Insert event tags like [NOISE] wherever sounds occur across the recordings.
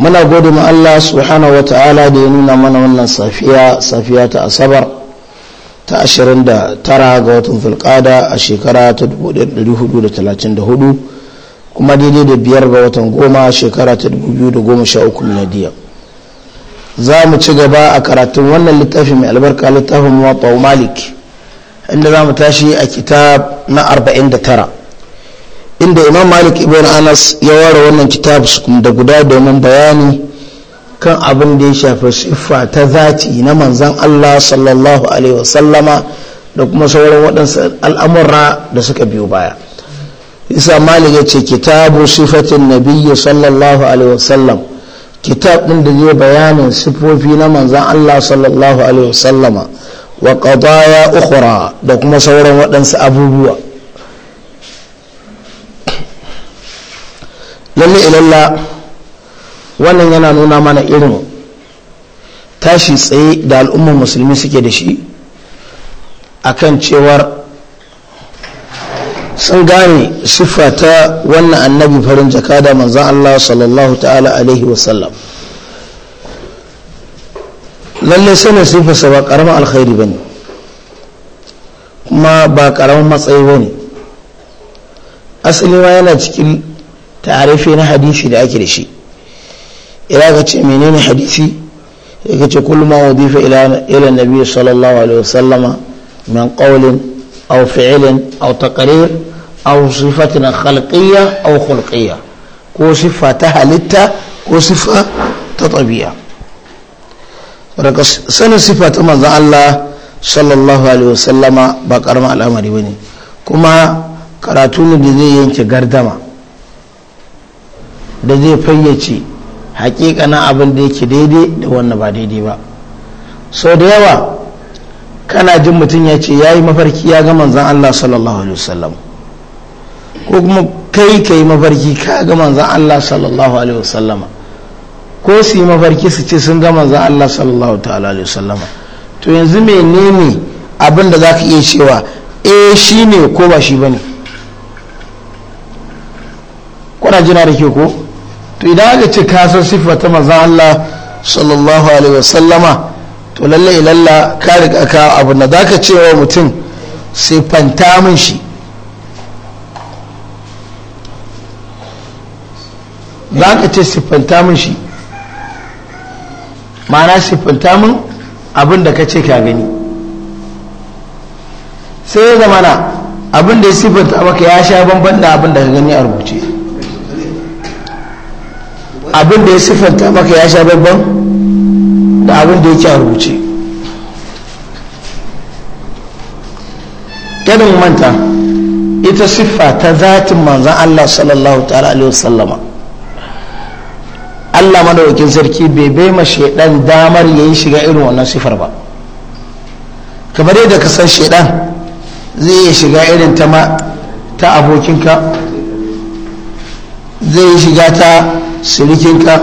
muna gode ma Allah subhanahu wa ta'ala da ya nuna mana wannan safiya safiya ta asabar ta 29 ga watan fulkada a shekara ta 1434 kuma daidai da biyar ga watan goma shekara ta 2013 miladiya za mu ci gaba a karatun wannan littafi mai albarka littafin muwatta malik inda za mu tashi a kitab na 49 inda imam malik ibn anas ya ware wannan kitab da guda domin bayani kan abin da ya shafi siffa ta zati na manzan allah sallallahu alaihi wasallama da kuma sauran waɗansu al'amurra da suka biyo baya isa malik ya ce kitabu sifatin nabiyyi sallallahu alaihi wasallam kitab ɗin da zai bayanin sifofi na manzan allah sallallahu alaihi wasallama wa qadaya ukhra da kuma sauran waɗansu abubuwa lalle ilalla wannan yana nuna mana irin tashi tsaye da al'ummar musulmi suke da shi a kan cewar sun gane siffa ta wannan annabi farin jaka da manzan Allah sallallahu ta'ala alaihi wasallam lallai sanin siffarsa ba karamin alkhairi ba ne kuma ba karamin matsayi ba ne asali ma yana cikin ta'arifi na hadisi da ake da shi idan ka ce menene hadisi sai ka ce kullum wadifa ila nabi sallallahu alaihi wasallama min qawlin aw fi'lin aw taqrir aw sifatin khalqiyya aw khulqiyya ko siffa ta halitta ko sifa ta tabi'a daga sanin siffa ta manzon Allah sallallahu alaihi wasallama ba karamin al'amari bane kuma karatu ne da zai yanke gardama da zai fayyace na abin da yake daidai da wannan ba daidai ba sau da yawa kana jin mutum ya ce ya yi mafarki ya ga manzan Allah sallallahu alaihi wasallam ko kuma kai ka yi mafarki ka ga manzan Allah sallallahu alaihi wasallama ko su yi mafarki su ce sun ga manzan Allah sallallahu alaihi wasallama to yanzu menene abin da za ka iya cewa e shi ne ko ba shi ba ne kuna jina da ke ko to idan aka ce kasar siffa ta maza Allah sallallahu alaihi wasallama to lalle ilalla ka riga ka abu na zaka ce wa mutum siffanta min shi zaka ce siffanta min shi ma'ana siffanta min abin da ka ce ka gani sai ya zamana abin da ya siffanta maka ya sha banban da abin da ka gani a rubuce abin da ya siffanta maka ya sha babban da abin da yake a rubuce kanin manta ita siffa ta zatin manzan Allah sallallahu ta'ala alaihi wasallama Allah madawakin sarki bai bai ma shaidan damar ya yi shiga irin wannan siffar ba kamar yadda ka san shaidan zai iya shiga irin ta abokinka zai shiga ta sirikinka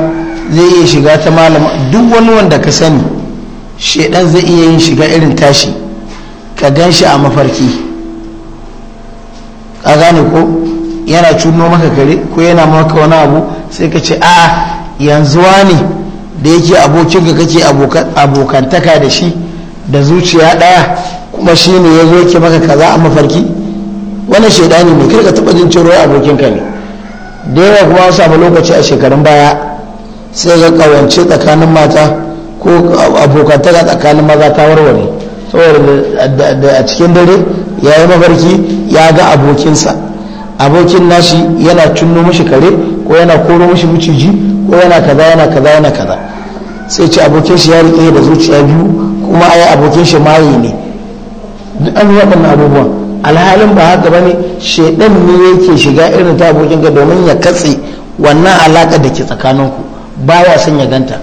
zai iya shiga ta malama duk wani wanda ka sani shaidan zai iya yin shiga irin tashi ka gan shi a mafarki ka gane ko yana cuno maka kare ko yana maka wani abu sai ka ce a yanzu wani da yake abokinka kake abokantaka da shi da zuciya ɗaya kuma shi ne ya zo ke maka kaza a mafarki wannan shaidani ne kirka taɓa jin cewa abokinka ne da yawa kuma samu lokaci a shekarun baya sai ga kawance tsakanin mata ko abokantaka tsakanin maza ta warware saboda a cikin dare ya yi mafarki ya ga abokinsa abokin nashi yana cunno mashi kare ko yana koro mashi miciji ko yana kaza yana kaza yana kaza sai ce abokin shi ya riƙe da zuciya biyu kuma ai abokin shi maye ne duk an yi waɗannan abubuwan alhalin ba haka bane shedan ne yake shiga irin ta abokin ka domin ya katse wannan alaka da ke tsakanin baya son ya ganta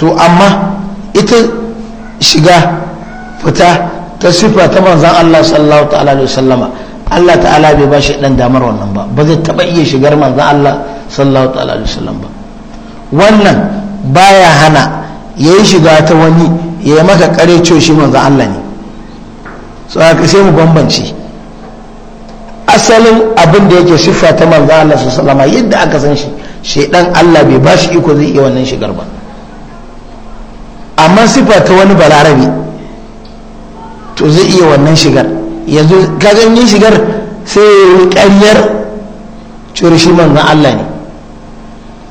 to amma ita shiga fita ta sifa ta manzan Allah sallallahu ta'ala alaihi wasallama Allah ta'ala bai ba shi dan damar wannan ba ba zai taba iya shigar manzan Allah sallallahu ta'ala alaihi wasallam ba wannan baya hana yayi shiga ta wani ya maka kare cewa shi manzan Allah ne tsaka sai mu bambance asalin abin da yake siffa ta manzo Allah su yadda aka san shi shaidan Allah bai ba shi iko zai iya wannan shigar ba amma siffa ta wani balarabe to zai iya wannan shigar yanzu ka ganin shigar sai ƙaryar cire shi manzo Allah ne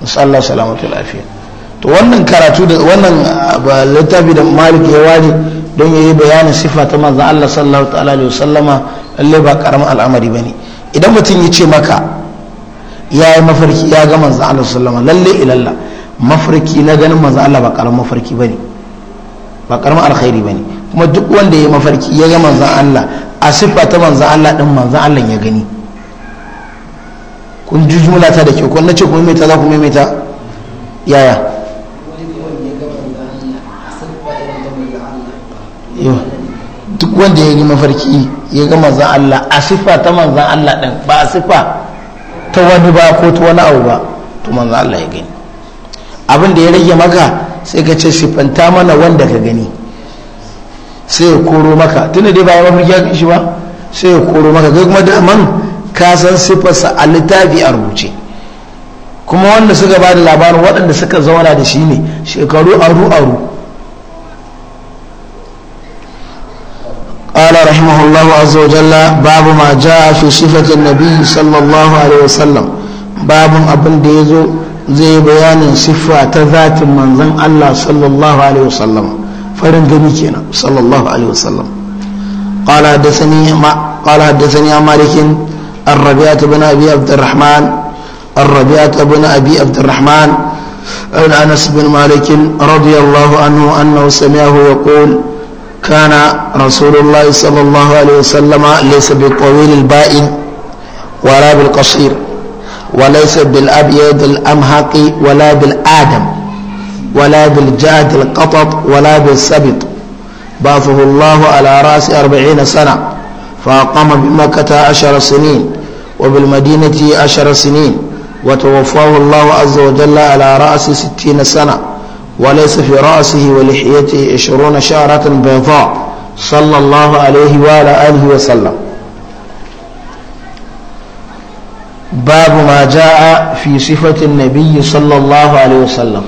musallar salamatu lafiya to wannan karatu da wannan ah, littafi da malik ya ware don ya yi bayanin sifa ta manzan allah sallallahu ta'ala alaihi wasallama lalle ba karamin al'amari ba ne idan mutum ya ce maka ya yi mafarki ya ga manzan allah ta'ala lalle ilalla mafarki na ganin manzan allah ba karamin mafarki ba ne ba karamin alkhairi ba ne kuma duk wanda ya yi mafarki ya ga manzan allah a sifa ta manzan allah din manzan allah ya gani kun ji jumla ta da kyau kun na ce kuma mai ta za ku mai ta yaya duk wanda ya yi mafarki ya ga manzan Allah a siffa ta manzan Allah ɗin ba a siffa ta wani ba ko ta wani abu ba to manzan Allah ya gani abin da ya rage maka sai ka ce siffanta mana wanda ka gani sai ya koro maka tun dai ba ya mafarki ya shi ba sai ya koro maka kai kuma daman ka san siffarsa a littafi a rubuce kuma wanda suka ba da labarin waɗanda suka zauna da shi ne shekaru aru aru رحمه الله عز وجل باب ما جاء في صفة النبي صلى الله عليه وسلم باب أبن ديزو زي بيان صفة ذات من ذن الله صلى الله عليه وسلم فرن جميعنا صلى الله عليه وسلم قال حدثني ما قال حدثني عن مالك الربيعة بن أبي عبد الرحمن الربيعة بن أبي عبد الرحمن عن أنس بن مالك رضي الله عنه أنه سمعه يقول كان رسول الله صلى الله عليه وسلم ليس بالطويل البائن ولا بالقصير وليس بالأبيض الأمهق ولا بالآدم ولا بالجاد القطط ولا بالسبط بعثه الله على رأس أربعين سنة فأقام بمكة عشر سنين وبالمدينة عشر سنين وتوفاه الله عز وجل على رأس ستين سنة وليس في رأسه ولحيته عشرون شعرة بيضاء صلى الله عليه وعلى آله وسلم باب ما جاء في صفة النبي صلى الله عليه وسلم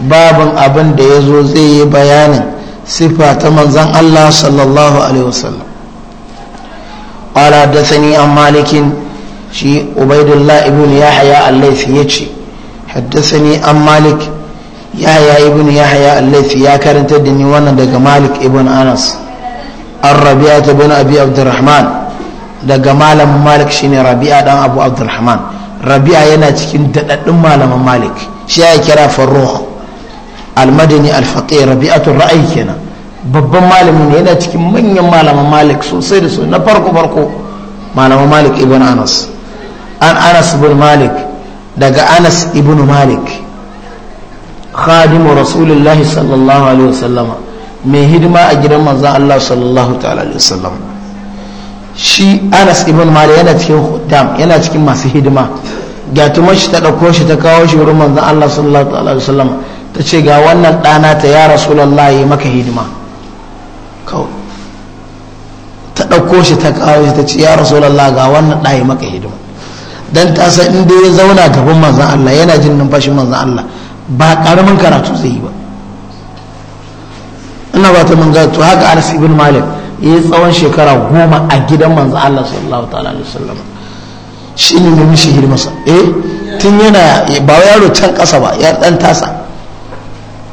باب أبن ديزو زي بيان صفة من زن الله صلى الله عليه وسلم قال حدثني عن مالك شي عبيد الله ابن يحيى الليثي يجي حدثني عن مالك yahya ibn yahya al-laythi ya karanta da ni wannan daga malik ibn anas ar-rabi'a ibn abi abdurrahman daga malam malik shine rabi'a dan abu abdurrahman rabi'a yana cikin dadaddun malaman malik shi ya kira farrukh al-madani al-faqih rabi'atul ra'ay kenan babban malamin ne yana cikin manyan malaman malik sosai da sosai na farko farko malaman malik ibn anas an anas ibn malik daga anas ibn malik khadimu rasulullahi sallallahu alaihi wasallama mai hidima a gidan manzan Allah sallallahu ta'ala alaihi wasallam shi Anas ibn Malik yana cikin hutam yana cikin masu hidima ga tumar shi ta ɗauko shi ta kawo shi wurin manzan Allah sallallahu ta'ala alaihi wasallam ta ce ga wannan ɗana ta ya rasulullahi maka hidima kawai ta ɗauko shi ta kawo shi ta ce ya rasulallah ga wannan ɗaya maka hidima don ta san inda ya zauna gaban manzan Allah yana jin numfashin manzan Allah ba karamin karatu zai yi ba ina ba ta manga to haka anas ibn malik ya yi tsawon shekara goma a gidan manzo Allah sallallahu ta'ala alaihi wasallam shi ne shi mishi sa eh tun yana ba yaro can kasa ba ya dan tasa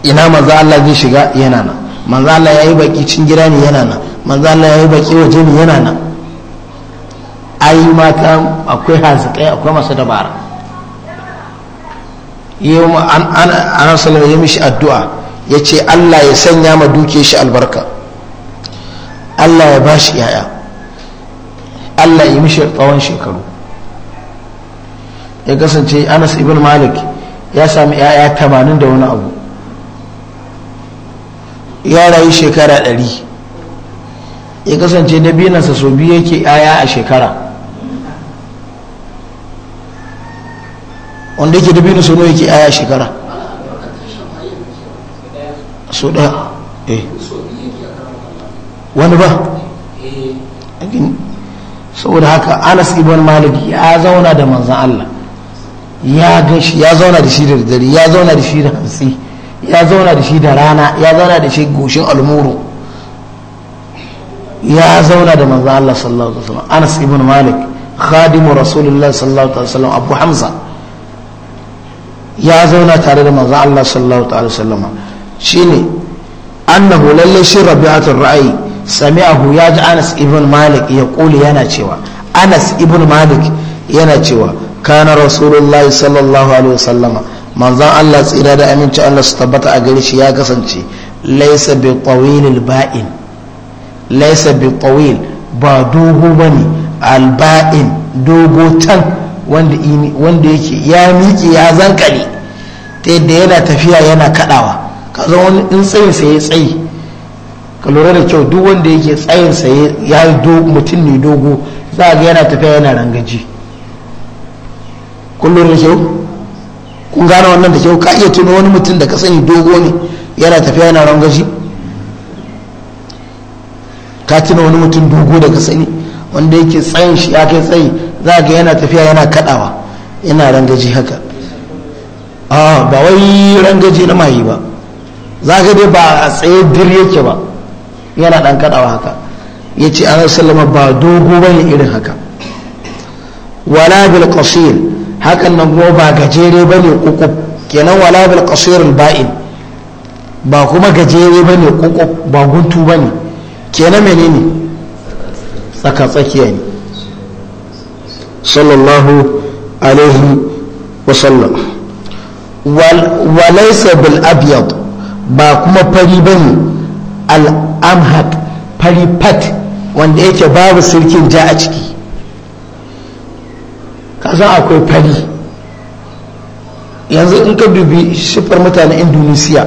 ina manzo Allah zai shiga yana nan manzo Allah yayi baki cin gida ne yana nan manzo Allah yayi baki waje ne yana nan ai mata akwai hazikai akwai masu dabara ana salama ya mishi addu'a ya ce allah ya sanya ma duke shi albarka allah ya ba shi yaya allah ya mishi tsawon shekaru ya kasance anas ibn malik ya sami yaya tamanin da wani abu ya rayu shekara ɗari ya kasance na binansa sau biyu yake yaya a shekara wanda yake dabino sau nawa yake aya shekara so da eh wani ba saboda haka anas ibn malik ya zauna da manzan allah ya gashi ya zauna da shi da dare ya zauna da shi da hansi ya zauna da shi da rana ya zauna da shi goshin almuru ya zauna da manzan allah sallallahu alaihi wasallam anas ibn malik khadimu rasulullah sallallahu alaihi wasallam abu hamza ya zauna tare da manzon Allah sallallahu alaihi wasallam shine annahu lalle shi rabi'atul ra'i sami'ahu ya ji Anas ibn Malik ya kuli yana cewa Anas ibn Malik yana cewa kana rasulullahi sallallahu alaihi wasallama manzon Allah tsira da aminci Allah su tabbata a gare shi ya kasance laisa bi tawilil ba'in bi tawil ba dogo bane al ba'in dogo tan wanda yake ya miƙe ya zankare ta yadda yana tafiya yana kaɗawa zo wani in sa ya tsayi ka lura da kyau duk wanda yake sa ya mutum ne dogo za ga yana tafiya yana rangaji kun lura da kyau kun gane wannan da kyau ka iya tuno wani mutum da ka sani dogo ne yana tafiya yana rangaji ka tuna wani mutum dogo da ka sani wanda yake tsayin shi ya kai tsayi za ga yana tafiya yana kadawa yana rangaji haka a ba wai rangaji na mayi ba za ga dai ba a tsaye dir yake ba yana dan kadawa haka ya ce an sallama ba dogo ba ne irin haka wala bil qasir hakan nan kuma ba gajere ba ne kukub kenan wala bil qasir al ba'in ba kuma gajere ba ne kukub ba guntu ba ne kenan menene tsaka tsakiya ne صلى الله عليه وسلم وليس بالأبيض باكما فريبني fari فريبت wanda yake babu sirkin ja a ciki kasan akwai fari yanzu in ka dubi shifar mutanen indonesia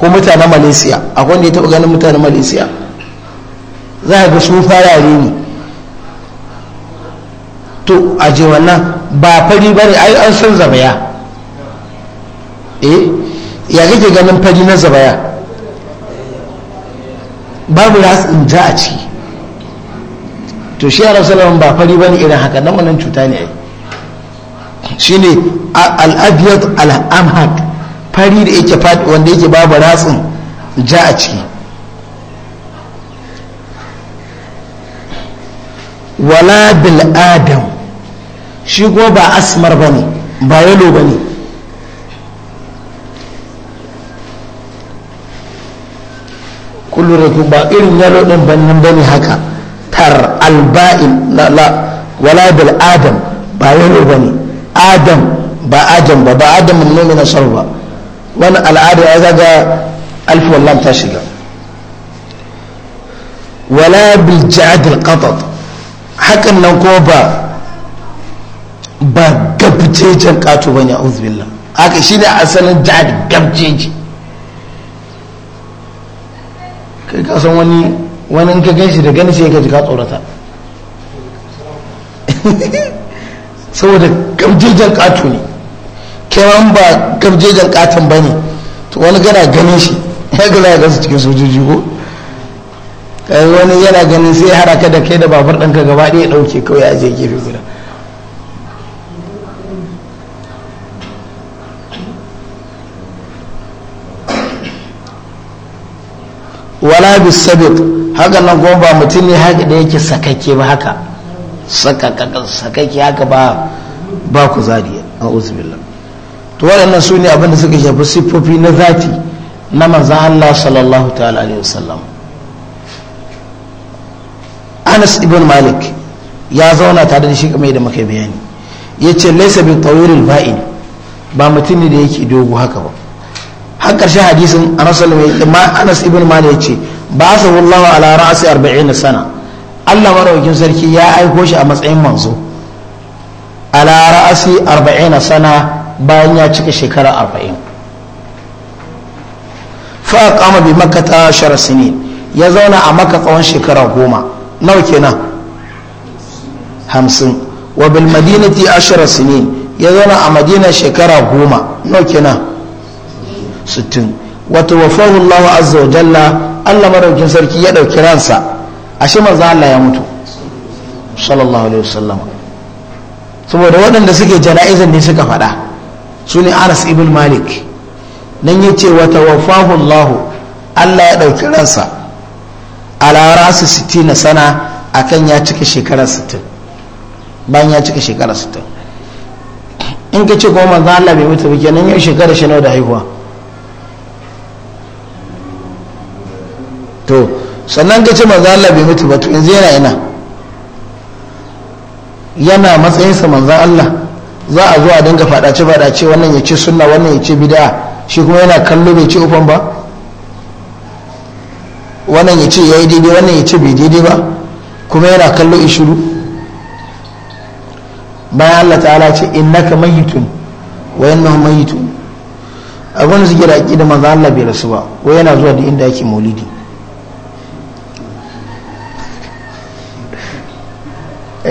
ko mutanen malaysia akwai wanda ya taɓa ganin mutanen malaysia za a ga su farare ne to a je wannan ba fari ba ne ai an san zabaya eh ya kake ganin fari na zabaya babu ratsin ja a ciki to shi arab salamun ba fari ba ne irin haka nan wannan cuta ne ai shi ne al'abiyat al'amhak fari da yake fadi wanda yake babu ratsin ja a ciki wala bil adam shi kuma ba asmar ba ne ba yalo ba ne kullum ba irin yalo ɗin bannan ba ne haka tar alba'in la wala bil adam ba yalo ba ne adam ba adam ba ba adam ne mai nasar ba wani al'ada ya zaga alfi wallan ta shiga wala bil ja'ad al hakan nan kuma ba ba gabjejen kato ba ne a uzbillah haka shi ne asalin jihar gabceci kai ka san wani wani in ka gan shi da gani sai ka ji ka tsorata [LAUGHS] saboda gabjejen kato ne kewan ba gabjejen katon ba ne to wani gana ganin shi ya gaza ya gasa cikin sojoji ko kai wani yana ganin sai haraka da kai da babar ɗanka gaba ɗaya ɗauke kawai a je gefe guda wala bisabiq haka nan kuma ba mutum ne haka da yake sakakke ba haka sakakke haka ba ba ku zadi a uzubillah to waɗannan su ne abinda suka shafi siffofi na zati na manzan Allah sallallahu ta'ala alaihi wasallam Anas ibn Malik ya zauna tare da shi kamar da muka bayani yace laysa bi tawilil ba'in ba mutum ne da yake dogo haka ba har karshe hadisin anas anas ibn malik ya ce ba sa wallahu ala ra'si 40 sana Allah maraukin sarki ya aiko shi a matsayin manzo ala ra'si 40 sana bayan ya cika shekara 40 fa aqama bi makkah ashar sinin ya zauna a makka tsawon shekara goma nawa kenan 50 wa bil madinati ashar sinin ya zauna a madina shekara goma nawa kenan 60 wato wafahu Allah azza wa jalla Allah madaukin sarki ya dauki ransa ashe manzo Allah ya mutu sallallahu alaihi wasallam saboda waɗanda suke jana'izan ne suka faɗa su ne Anas ibn Malik nan ya ce wata wafahu Allah Allah ya dauki ransa ala rasu 60 sana akan ya cika shekara 60 bayan ya cika shekara 60 in ka ce kuma manzo Allah bai mutu ba kenan yau shekara shi nawa da haihuwa to sannan ka ce manzan Allah bai mutu ba to yanzu yana ina yana matsayinsa manzan Allah za a zo a dinga fadace fadace wannan ya ce sunna wannan ya ce bid'a shi kuma yana kallo bai ce ufan ba wannan ya ce yayi daidai wannan ya ce bai daidai ba kuma yana kallo shiru bayan Allah ta'ala ce innaka mayitun wa innahum mayitun abin da suke da aqida manzan Allah bai rasu ba wai yana zuwa da inda yake maulidi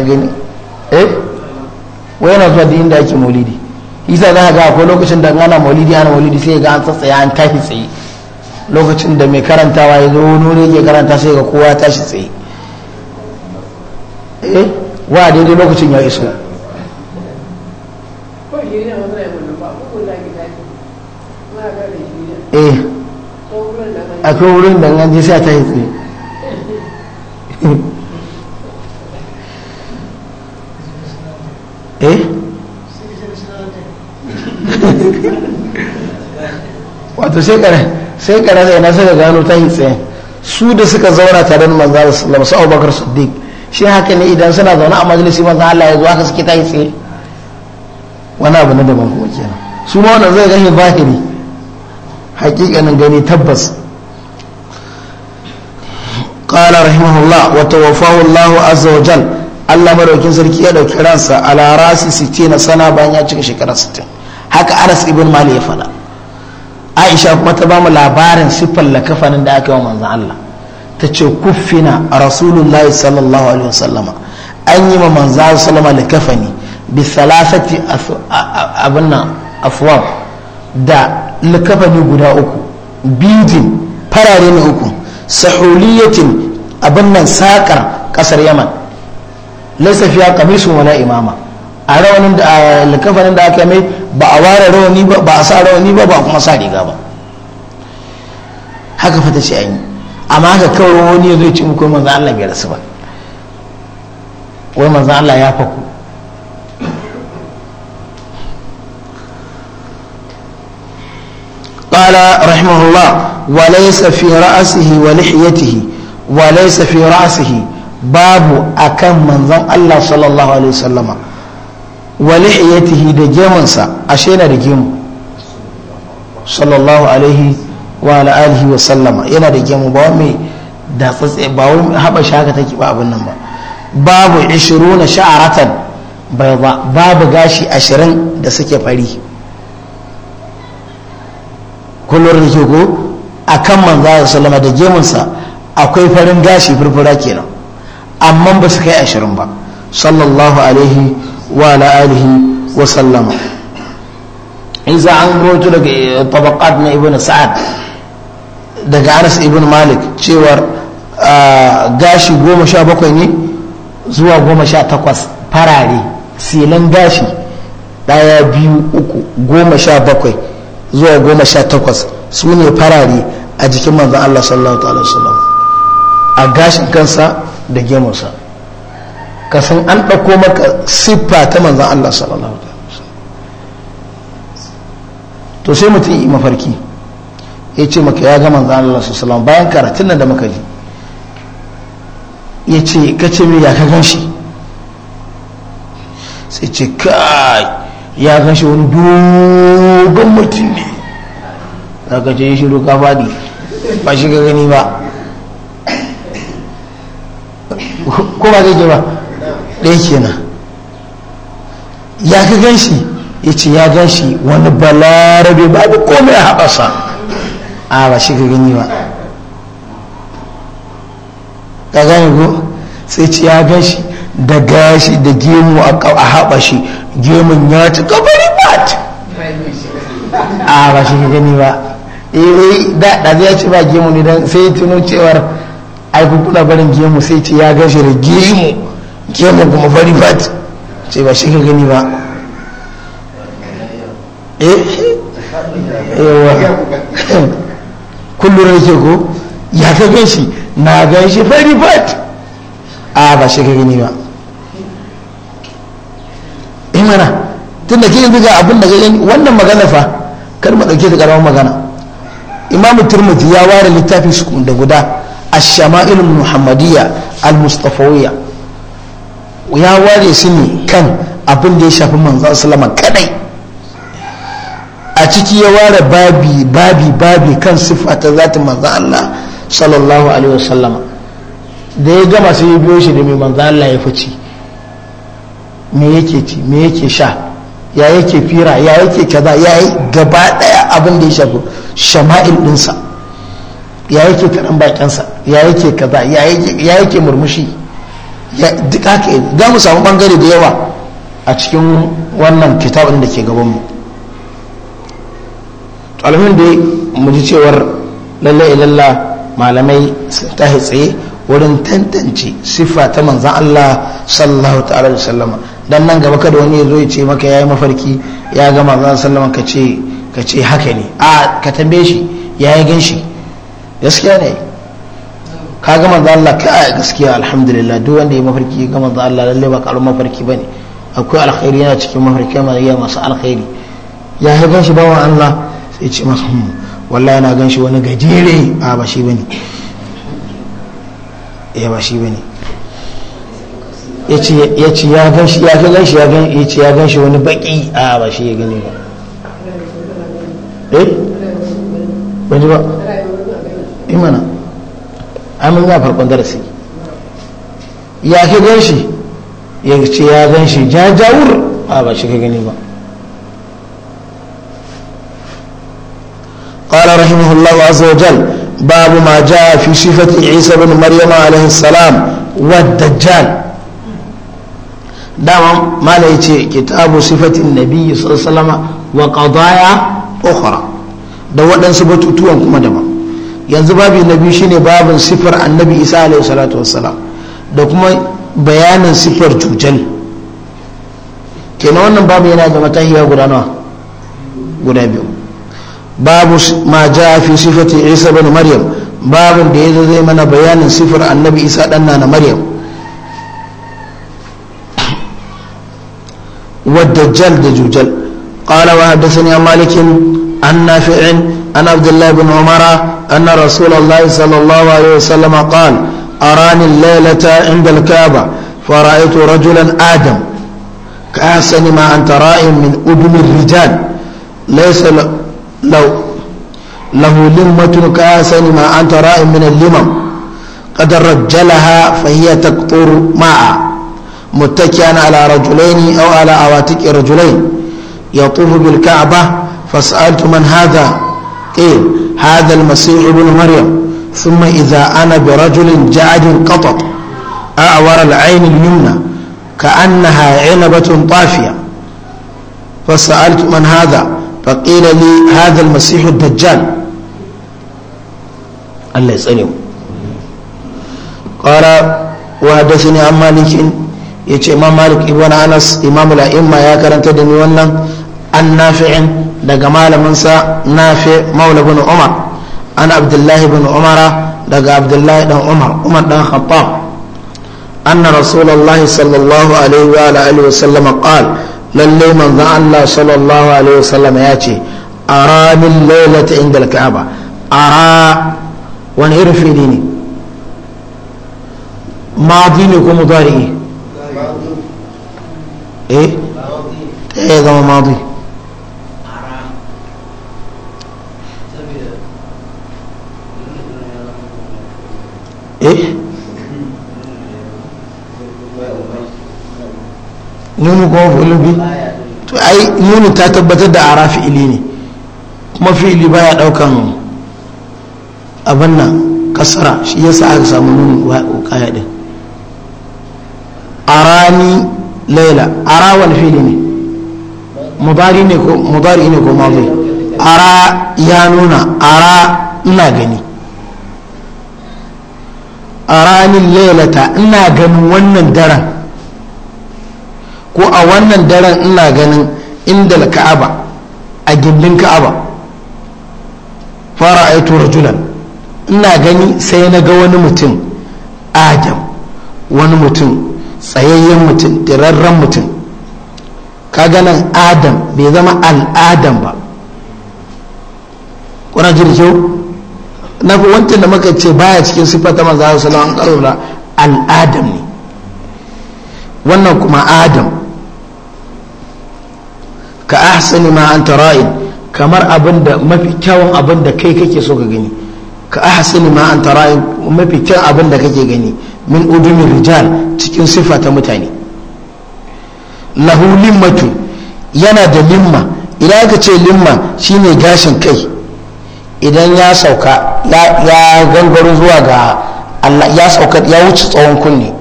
gani eh wai na zuwa da inda ake maulidi isa za ga akwai lokacin da ana maulidi ana maulidi sai ga an tsatsaya an tashi tsaye lokacin da mai karantawa ya zo nuna yake karanta sai ga kowa tashi tsaye eh wa daidai lokacin ya iso eh akwai wurin da an sai a tashi tsaye [LAUGHS] eh wato sai kare sai kare sai na suka gano ta yi tsaye su da suka zauna tare da manzo sallallahu su Abubakar Siddiq shi haka ne idan suna zaune a majalisi manzo Allah ya zo haka suke ta yi tsaye wani abu na daban kuma kenan su ma wannan zai gani bahiri hakikanin gani tabbas قال رحمه الله وتوفاه azza wa وجل Allah madaukin sarki ya dauki ransa a larasi sittin na sana bayan ya cika shekara sittin haka anas ibn mali ya faɗa aisha kuma ta ba mu labarin siffar kafanin da aka yi wa manzan Allah ta ce kuffina rasulullahi sallallahu alaihi wasallama an yi ma manzan sallama kafani bi thalathati abin nan afwab da kafani guda uku bidin farare na uku sahuliyatin abin nan sakar kasar yaman laysa fiha qamisun wala imama a rawanin da likafanin da aka mai ba a ware rawani ba ba a sa rawani ba ba kuma sa riga ba haka fata ce an yi amma haka kawai wani ya zo ci muku manzo Allah bai rasu ba wai manzo Allah ya faku قال رحمه الله وليس في رأسه ولحيته وليس في رأسه babu akan manzon Allah sallallahu alaihi wasallama wa lihiyatihi da gemunsa ashe yana da gemu sallallahu alaihi wa alihi wasallama sallama yana da gemu ba wani da tsatse ba wani haba shaka take ba abin nan ba babu 20 sha'aratan babu gashi 20 da suke fari kullum da ke ko akan manzo sallallahu alaihi sallama da gemunsa akwai farin gashi furfura kenan amma ba su kai ashirin ba sallallahu alaihi wa alihi wa sallama iza an roto daga eh, tabaqat na ibn sa'ad daga anas ibn malik cewar ah, gashi goma sha bakwai ne zuwa goma sha takwas farare silan gashi daya biyu uku goma sha bakwai zuwa goma sha takwas su ne farare a jikin manzan Allah sallallahu alaihi wasallam a gashin kansa da gemunsa kasan an ɗauko maka siffa ta manzan Allah sallallahu alaihi to sai mutum yi mafarki ya ce maka ya ga manzan Allah sallallahu bayan karatun nan da muka ji ya ce ka ce mai ya ka gan shi sai ce kai ya gan shi wani dogon mutum ne za ka ce ya shiru faɗi ba shi ka gani ba ko ba zai je ba ɗaya kenan ya ka gan shi ya ce ya gan shi wani balarabe babu komai a haɓasa a ba shi ka gani ba ka gani ko sai ce ya gan shi da gashi da gemu a haɓa shi gemun ya ci kabari bat a ba shi ka gani ba eh, eh da ce ba gemu ne don sai tuno cewar haifi kuna barin gemu sai ce ya gashi da gemu gemu kuma fari fat ce ba shi ka gani ba eh yawa kullum da ke ko ya ka gashi na gashi fari fat a ba shi ka gani ba imana eh tun da ke yanzu ga abin da gani wannan magana fa kar mu ɗauke ta ƙaramin magana imamu turmuti ya ware littafin su da guda الشمائل المحمدية المصطفوية ويا واري سني كان abin da ya shafi manzan sallama kadai a ciki ya ware babi babi babi kan siffata zata zatin Allah sallallahu da ya gama sai ya biyo shi da mai manzan Allah ya fice me yake ci me yake sha ya yake fira ya yake kaza ya yi gaba daya abin da ya shafi shama'il dinsa ya yake kaɗan baƙinsa ya yake kaza ya yake murmushi duk haka za mu samu bangare da yawa a cikin wannan kitabin da ke gabanmu alhamdu dai mu ji cewar lallai ilalla malamai sun tahi tsaye wurin tantance siffa ta manzan Allah sallallahu ta'ala da sallama dan nan gaba kada wani ya zo ya ce maka ya yi mafarki ya ga manzan sallama ka ce haka ne a ka tambaye shi ya yi ganshi shi gaskiya ne ka ga manzo Allah kai gaskiya alhamdulillah duk wanda ya mafarki ga manzo Allah lalle ba karu mafarki bane akwai alkhairi yana cikin mafarki ma ya masu alkhairi ya ga ganshi bawan Allah sai ce masa hum wallahi na ganshi wani gajere a ba shi bane ya eh, ba shi bane yace yace ya ganshi ya ga ganshi ya gan yace ya ganshi wani baki a ba shi ya gane ba eh ba imana amin darasi ya ke gan shi ya ce ya gan shi jajawur a bashi shi ka gani ba ƙara rahimahullah wa azawajal babu ma fi shifati isa bin maryam alaihi salam wa dajjal dama mala kitabu sifati nabi sallallahu alaihi wa qadaya ukhra da waɗansu batutuwan kuma daban yanzu babi na biyu shine babin sifar annabi isa alaihi salatu wassalam da kuma bayanin sifar cutar kenan wannan babu yana da matahiya guda nawa guda biyu babu ma ja fi sifati isa bin maryam babin da ya zai mana bayanin sifar annabi isa dan na maryam da دجوجل qala wa عن مالك عن نافع عن عبد الله بن عمر أن رسول الله صلى الله عليه وسلم قال أراني الليلة عند الكعبة فرأيت رجلا آدم كأحسن ما أنت راء من أدم الرجال ليس لو له لمة كأحسن ما أنت راء من اللمم قد رجلها فهي تقطر معا متكئا على رجلين أو على أواتك رجلين يطوف بالكعبة فسألت من هذا قيل هذا المسيح ابن مريم ثم إذا أنا برجل جعد قطط أعور العين اليمنى كأنها عنبة طافية فسألت من هذا فقيل لي هذا المسيح الدجال الله يسأله قال وحدثني عن مالك يتي إمام مالك ابن أنس إمام الأئمة يا كرنت دني ونن an nafi'in daga malaminsa nafi maula bin umar an abdullahi bin umara daga abdullahi dan umar umar dan khattab anna rasulullahi sallallahu alaihi wa alihi wasallam qala lalle manzon Allah sallallahu alaihi wasallam ya ce ara min lailati inda al ara wani irin fili ne madi ne ko mudari eh ta zama madi eh nunu kuma bi to ai nunu ta tabbatar da ara fi'ili ne kuma fi'ili baya daukan abin nan kasara shi yasa aka samu nunu kaya din arani laila ara wani fi'ili ne mudari ne ko mudari ne ko mazi ara ya nuna ara ina gani aranin lailata ina ganin wannan daren ko a wannan daren ina ganin inda ka'aba a gindin ka'aba fara aito rajulan ina gani sai na ga wani mutum adam wani mutum tsayayyen mutum tirarren mutum ka ganin adam bai zama al'adam ba kuna jin kyau na ku wancan da muka ce baya cikin siffar ta manzo sallallahu alaihi wasallam al-adam ne wannan kuma adam ka ahsani ma anta ra'in kamar abinda mafi kyawun abinda kai kake so ka gani ka ahsani ma anta ra'in mafi kyawun abinda kake gani min udumin rijal cikin siffa ta mutane lahu limmatu yana da limma idan aka ce limma shine gashin kai idan ya sauka ya gangaro zuwa ga Allah ya sauka ya wuce tsawon kunne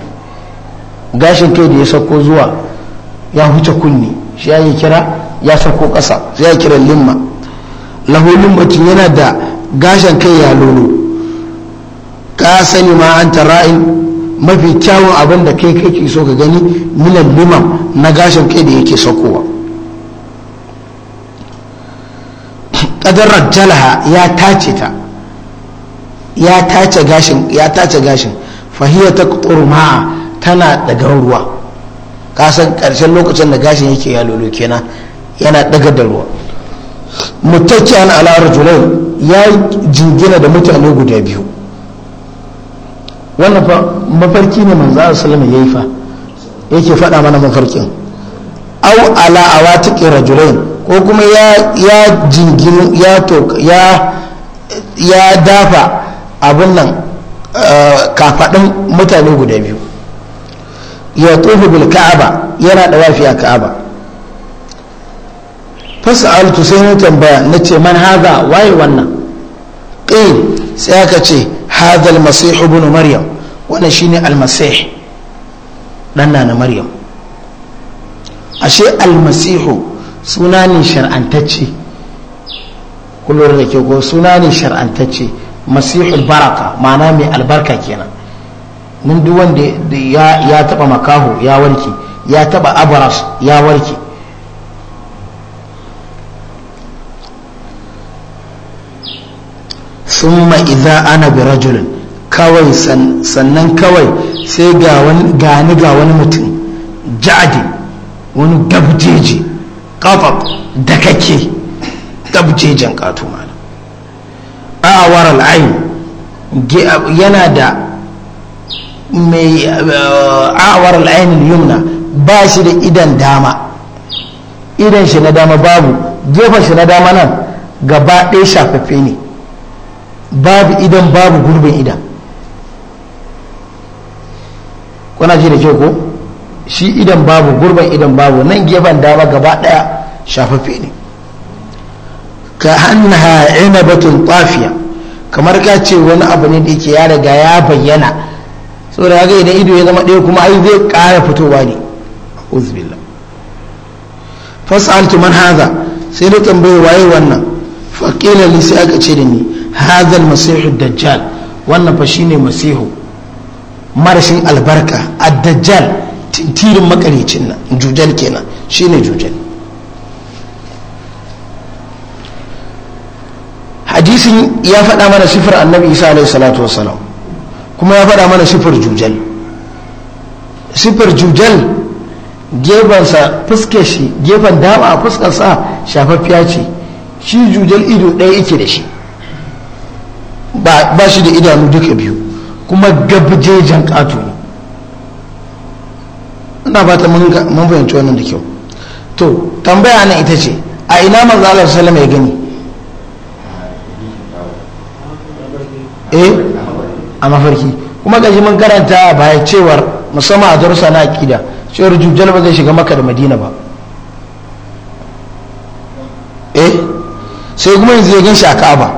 gashin kai da ya sauko zuwa ya wuce kunne shi ya yi kira ya sauko ƙasa sai ya kira limma laholin mutum yana da gashin kai ya lolo ka sani ma an tara'in mafi kyawun abin da kai kake so ka gani milan limam na gashin kai da yake saukowa ƙadar jalaha ya tace ta ya tace gashin ya tace gashin fahiyya ta ƙurma tana daga ruwa kasan ƙarshen lokacin da gashin yake ya lolo kenan yana daga da ruwa mutakiyan ala rajulai ya jingina da mutane guda biyu wannan fa mafarki ne manzo Allah sallallahu alaihi yi fa yake faɗa mana mafarkin au ala awatiqi rajulain ko kuma ya jinginu ya dafa abin nan eh, kafaɗin mutane guda biyu ya tofi bil ka'aba yana da a ka'aba fasa'altu sai yi tambaya na ce man haza waye wannan ƙin sai aka ce haza almasih ibn maryam wannan shine almasih dan na maryam ashe almasihu suna shar'antacce kullum da ke suna shar'antacce masihul baraka ma'ana mai albarka kenan nan duk wanda ya taba makaho ya warke ya taba abaras ya warke summa idza ana bi rajulin kawai sannan kawai sai ga wani ga wani mutum ja'adi wani gabjeji. kafaf da kake tabjejin ƙato malam awar al'ayi yana da mai awar al'ayin yumna ba shi da idan dama idan shi na dama babu gefen shi na dama nan gaba ɗaya shafaffe ne babu idan babu gurbin idan kuna ji da ke ko? shi idan babu gurban idan babu nan gefen dama gaba daya shafaffe ne ka hannaha batun tafiya kamar ka ce wani abu ne da yake ya riga ya bayyana saboda haka idan ido ya zama ɗaya kuma ai zai ƙara fitowa ne uzbillah fas'altu man sai na tambaye waye wannan faqila ne sai aka ce da ni hazal masihu dajjal wannan fa shine masihu marashin albarka ad-dajjal titirin makarecin nan jujal kenan shine jujal hadisin ya faɗa mana sifar annabi isa alaihi salatu wasalam kuma ya faɗa mana sifar jujal sifar jujal gefensa fuske shi gefen dama a fuskarsa shafaffiya ce shi jujal ido ɗaya yake da shi ba shi da idanu duka biyu kuma gabjejen ƙato ina fata mun fahimci wannan da kyau to tambaya nan ita ce a ina manzo Allah sallallahu ya gani eh a mafarki kuma gaji mun karanta a baya cewar musamman a darussa na akida cewar jujjal ba zai shiga maka da madina ba eh sai kuma yanzu ya gan shi a ka'aba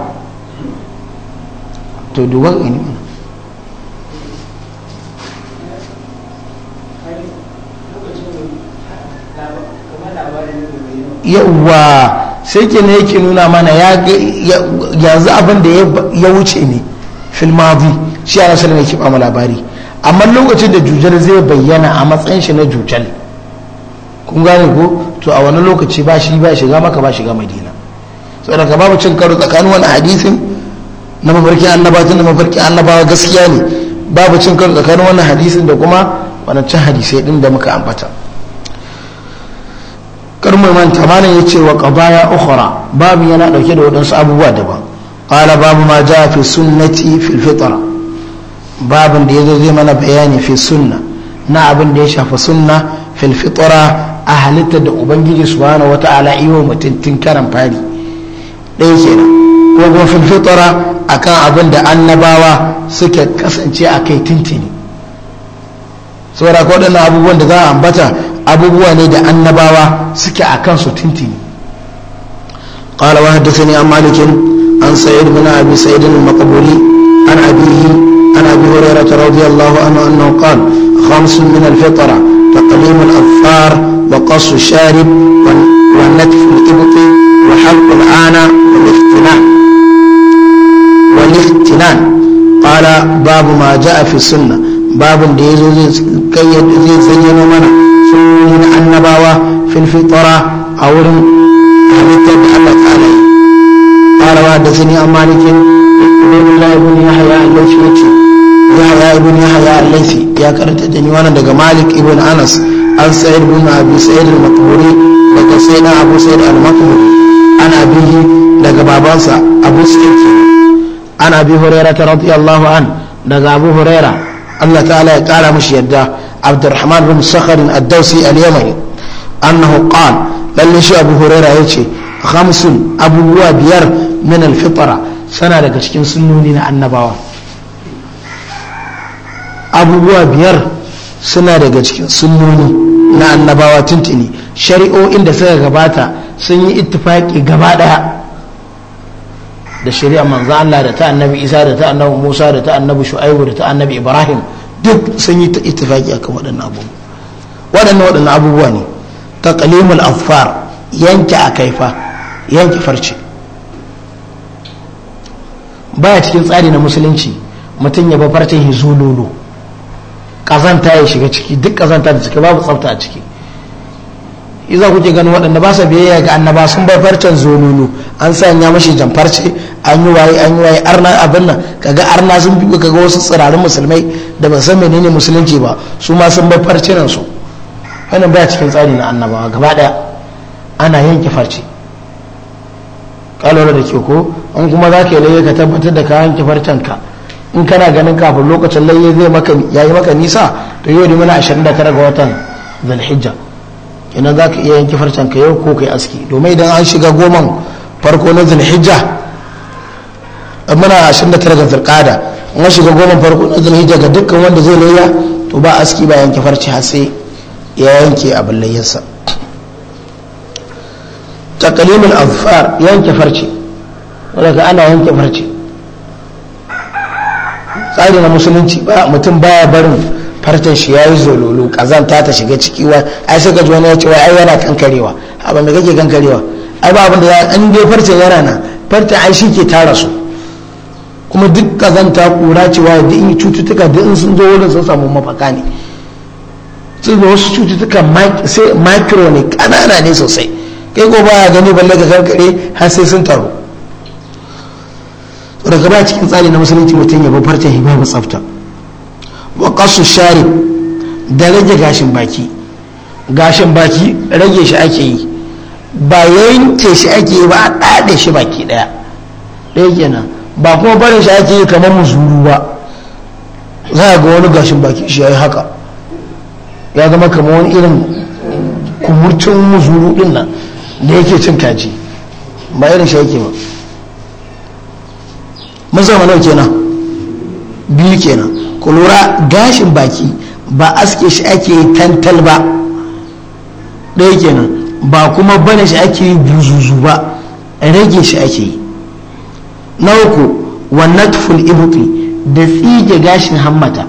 to duban ne yauwa sai ke ne yake nuna mana yanzu abin da ya wuce ne filmavi shi a nasarar yake ba mu labari amma lokacin da jujal zai bayyana a matsayin shi na jujal kun gane ko to a wani lokaci ba shi ba shiga maka ba shiga madina da ka babu cin karo tsakanin wani hadisin na mafarki an tun da mafarki annabawa gaskiya ne babu cin karo tsakanin wani hadisin da kuma wani cin hadisai din da muka ambata kar mu tamanin ya ce wa qabaya ukhra babu yana ɗauke da waɗansu abubuwa daban qala babu ma ja fi sunnati fil babin da yazo zai mana bayani fi sunna na abin da ya shafa sunna fil a halitta da ubangiji subhanahu wata'ala iwo mutum tun karan fari ɗaya kenan ko kuma fil fitra akan abin da annabawa suka kasance a kai tintini saboda ko abubuwan da za a ambata abubuwa ne da annabawa suke a kansu tintini قال وحدثني عن مالك عن سعيد بن ابي سعيد المقبولي عن ابيه عن ابي هريره رضي الله عنه انه قال خمس من الفطره تقليم الاظفار وقص الشارب والنتف الابط وحلق العانه والاختنان والاختنان قال باب ما جاء في السنه باب da ya zo zai zayyano mana sunoni na annabawa fil fitra a wurin halittar da Allah ta'ala yi qalawa da zini an malikin ibnullah ibn yahya al-laythi yace yahya ibn yahya al-laythi ya karanta da ni wannan daga malik ibn anas an sa'id ibn abi sa'id al-makhuri daga sayyidina abu sa'id al-makhuri ana bihi daga babansa abu sa'id ana bi hurairah radiyallahu an daga abu hurairah Allah ta'ala ya kara mushi yadda عبد الرحمن بن صخر الدوسي اليمني أنه قال لن شيء أبو هريرة يتي خمس أبو بير من الفطرة سنة لك شكين سنونين النبوة أبو بير suna daga cikin sunnoni na annabawa tuntuni shari'o'in da suka gabata sun yi ittifaki gaba daya da shari'a manzo Allah da ta annabi Isa da ta annabi Musa da ta annabi Shu'aibu da ta annabi Ibrahim duk sun yi ta itifaki akan waɗannan abubuwa waɗannan waɗannan abubuwa ne ta kalimul affar yanke a kaifa yanke farce baya cikin tsari na musulunci mutum ya ba farcen hizululu ƙazanta ya shiga ciki duk ƙazanta da ciki babu tsafta a ciki iza kuke ganin waɗanda ba sa biyayya ga annaba sun bar farcen zonunu an sanya mashi jamfarce an yi waye an yi waye arna abin nan kaga arna sun bi kaga wasu tsirarin musulmai da ba san menene musulunci ba su ma sun bar farcen su wannan baya cikin tsari na annabawa gaba daya ana yanke farce kalora da ke ko an kuma za ka yi ka tabbatar da ka yanke farcen ka in kana ganin kafin lokacin laye zai maka yayi maka nisa to yau da mana 29 ga watan zulhijja ina za ka iya yanki farcen ka yau ko kai aski domin idan an shiga goman farko na hijja muna 29 ga in an shiga goman farko na hijja ga dukkan wanda zai layya to ba aski ba yanki farce har sai ya yanke a layyarsa takalimin azfar yanke farce wanda ana yanke farce tsari na musulunci ba mutum baya barin farcen shi yayi zololo kazanta ta shiga ciki wa ai sai gaji wani ya ce wai ai yana kankarewa abin me kake kankarewa ai ba abin da an dai farcen yana na farcen ai shi ke tara su kuma duk kazanta kura cewa duk in cututtuka duk in sun zo wurin sun samu mafaka ne sun zo wasu cututtuka sai micro ne kanana ne sosai kai ko baya gani balle ka karkare har sai sun taru daga ba cikin tsari na musulunci mutum ya bar farcen himar tsafta wa kasu shari da rage gashin baki gashin baki rage shi ake yi ba yanke shi ake yi ba a ɗaɗe shi baki ɗaya ɗaya kenan ba kuma barin shi ake yi kamar muzuru ba za ga wani gashin baki shi ya yi haka ya zama kamar wani irin kumurcin muzuru ɗin nan da yake cin kaji ba irin shi ake ba mun zama kenan biyu kenan ku lura gashin baki ba aske shi ake tantal ba ɗaya kenan ba kuma bane shi ake yi buzuzu ba rage shi ake yi na uku wannan tuful ibuki da tsige gashin hammata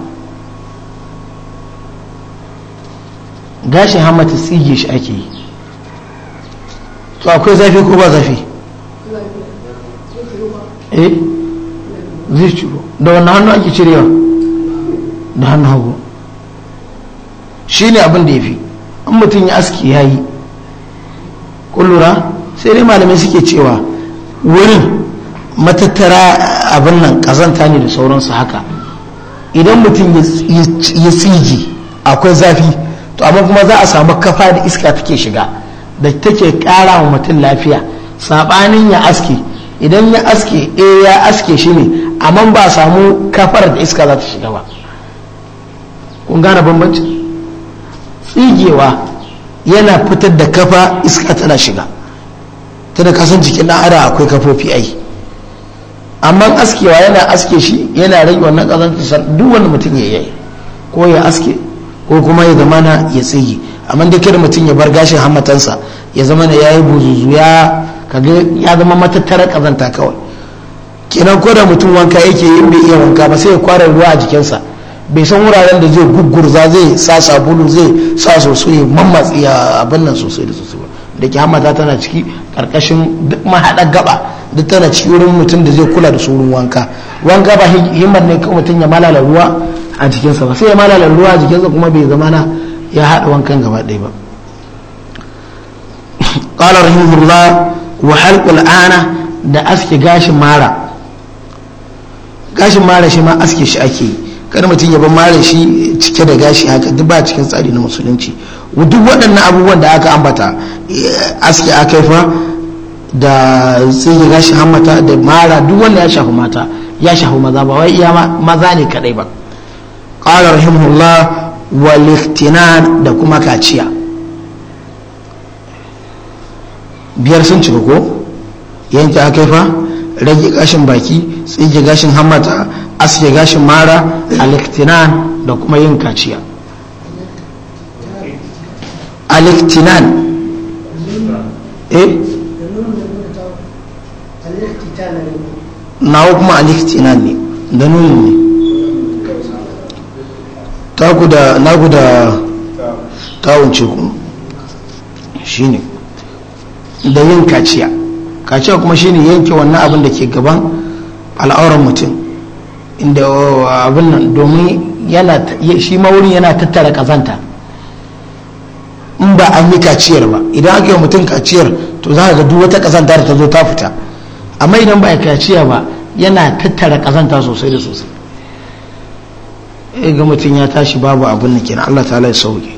gashin hammata tsige shi ake yi to akwai zafi ko ba zafi eh zai ciro da wannan hannu ake cirewa da hannu hagu shi ne abin da ya fi an mutum ya aski ya yi kullura sai dai malamai suke cewa wurin matattara abin nan kazanta ne da sauransu haka idan mutum ya tsige akwai zafi to amma kuma za a samu kafa da iska take shiga da take kara wa mutum lafiya saɓanin ya aski idan ya aske eh ya aske shi ne amma ba samu kafar da iska za ta shiga ba kun gane bambanci tsigewa yana fitar da kafa iska tana shiga tana kasan jikin ɗan adam akwai kafofi ai amma askewa yana aske shi yana rage wannan ƙazantar duk wanda mutum ya yi ko ya aske ko kuma ya zamana ya tsige amma dai kira mutum ya bar gashin hammatansa ya zama ya yi buzuzu ya kaga ya zama matattarar kazanta kawai kenan ko da mutum wanka yake yin bai iya wanka ba sai ya kwara ruwa a jikinsa bai san wuraren da zai gugurza zai sa sabulu zai sa sosai mammatsi a abin nan sosai da sosai ba da ke hamata tana ciki karkashin duk mahaɗa gaba duk tana ciki wurin mutum da zai kula da wurin wanka wanka ba himmar ne kawai mutum ya malala ruwa a jikinsa ba sai ya malala ruwa a jikinsa kuma bai zama na ya haɗa wankan gaba ɗaya ba قال رحمه الله wa halqul ana da aske gashin mara gashin mara shi ma aske shi ake kada mutum ya bar mara shi cike da gashi haka duk ba cikin tsari na musulunci duk waɗannan abubuwan da aka ambata aske akaifa da tsige gashi hammata da mara duk wanda ya shafi mata ya shafi maza ba wai iya maza ne kadai ba qala rahimullah wal da kuma kaciya biyar sun cika ko yanke fa rage gashin baki tsige gashin hammata aske gashin mara aliktinan da kuma yin kaciya aliktinan eh nawa kuma aliktinan ne da nuni ne ta guda na guda wuce kuma shine ne da yin kaciya kaciya kuma shine yanke wannan abin da ke gaban al'auran mutum inda uh, abin nan domin shi maurin wurin yana tattara kazanta in ba an yi kaciyar ba idan aka yi mutum kaciyar to za ka ga duk wata kazanta da ta zo ta fita amma idan ba a kaciya ba yana tattara kazanta sosai da sosai ga mutum ya tashi babu abin da kenan Allah ta ya sauke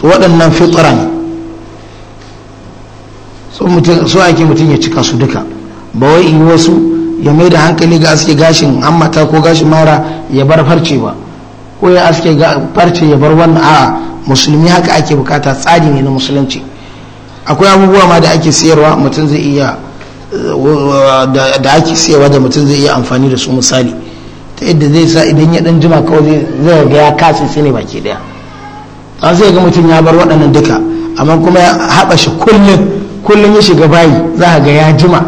to waɗannan ne. su ake mutum ya cika su duka ba wai yi wasu ya mai da hankali ga aske gashin hammata ko gashin mara ya bar farce ba ko ya aske farce ya bar wannan a musulmi haka ake bukata tsari ne na musulunci akwai abubuwa ma da ake siyarwa mutum zai iya da ake siyarwa da mutum zai iya amfani da su misali ta yadda zai sa idan ya dan jima kawai zai ga ya kasa sai ne baki daya an sai ga mutum ya bar waɗannan duka amma kuma ya haɓa shi kullum kullum ya shiga bayi za a ga ya jima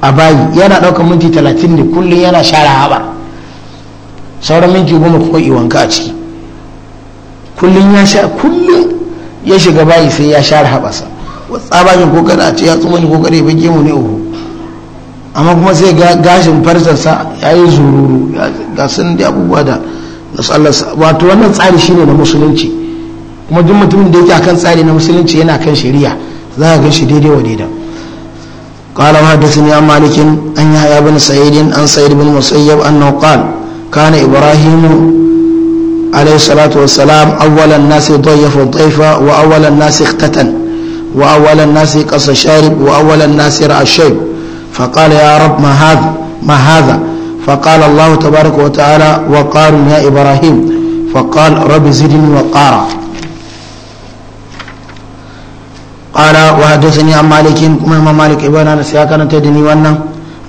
a bayi yana ɗaukar minti talatin ne kullum yana share haɓa sauran minti goma kuma iwanka a ciki kullum ya sha kullum ya shiga bayi sai ya share haɓasa tsabagen kokari a ce ya tsoma ni kokari ya bage mu ne uku amma kuma sai gashin sa ya yi zururu ga sun da abubuwa da nasallarsa wato wannan tsari shine na musulunci kuma duk mutumin da yake akan tsari na musulunci yana kan shari'a za a gashi daidai wa daida قال وحدثني عن مالك أن يحيى بن سعيد عن سعيد بن مسيب أنه قال كان إبراهيم عليه الصلاة والسلام أول الناس ضيف الضيف وأول الناس اختتن وأول الناس قص شارب وأول الناس رأى الشيب فقال يا رب ما هذا ما هذا فقال الله تبارك وتعالى وقار يا إبراهيم فقال رب زدني وقارا قال وحدثني عن مالك كما امام مالك ابن انس يا كان تدني وانا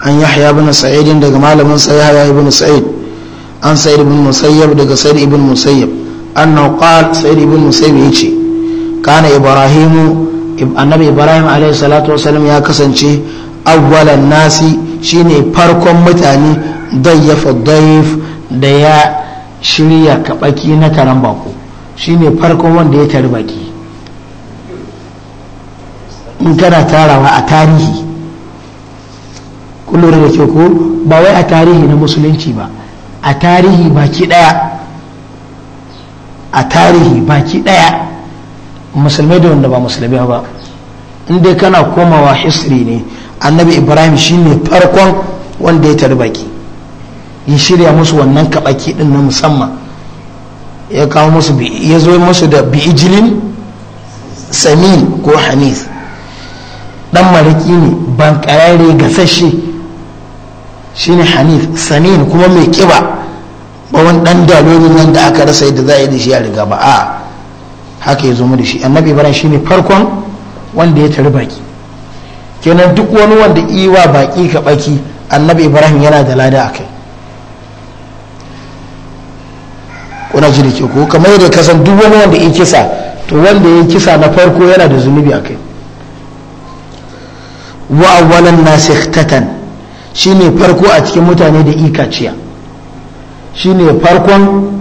عن يحيى بن سعيد دغ مالم يحيى بن سعيد عن سعيد بن مسيب دغ سعيد بن مسيب انه قال سعيد بن مسيب يجي كان ابراهيم annabi ibrahim alaihi salatu wasalam ya kasance awwalan nasi shine farkon mutane dayyafa dayif da ya shirya kabaki na taron bako shine farkon wanda ya tari baki in kana tarawa a tarihi kullum da ke ko ba wai a tarihi na musulunci ba a tarihi baki daya a tarihi baki daya musulmai da wanda ba musulmai ba inda kana komawa hisri ne annabi ibrahim shine farkon wanda ya tari baki ya shirya musu wannan kabaki din na musamman ya kawo musu ya zo musu da bi'ijilin samin ko hanis dan mariki ne ban karare gasashe shine hanif sanin kuma mai kiba ba wani dan dalolin nan da aka rasa yadda za a yi da shi a riga ba a haka ya zo mu da shi annabi ibrahim shine farkon wanda ya tari baki kenan duk wani wanda iwa baki ka baki annabi ibrahim yana da lada a kai kuna ji da ke ko kamar yadda kasan duk wani wanda ya kisa to wanda ya kisa na farko yana da zunubi a kai wa awwalan nasikhatan shine farko a cikin mutane da ikaciya shine farkon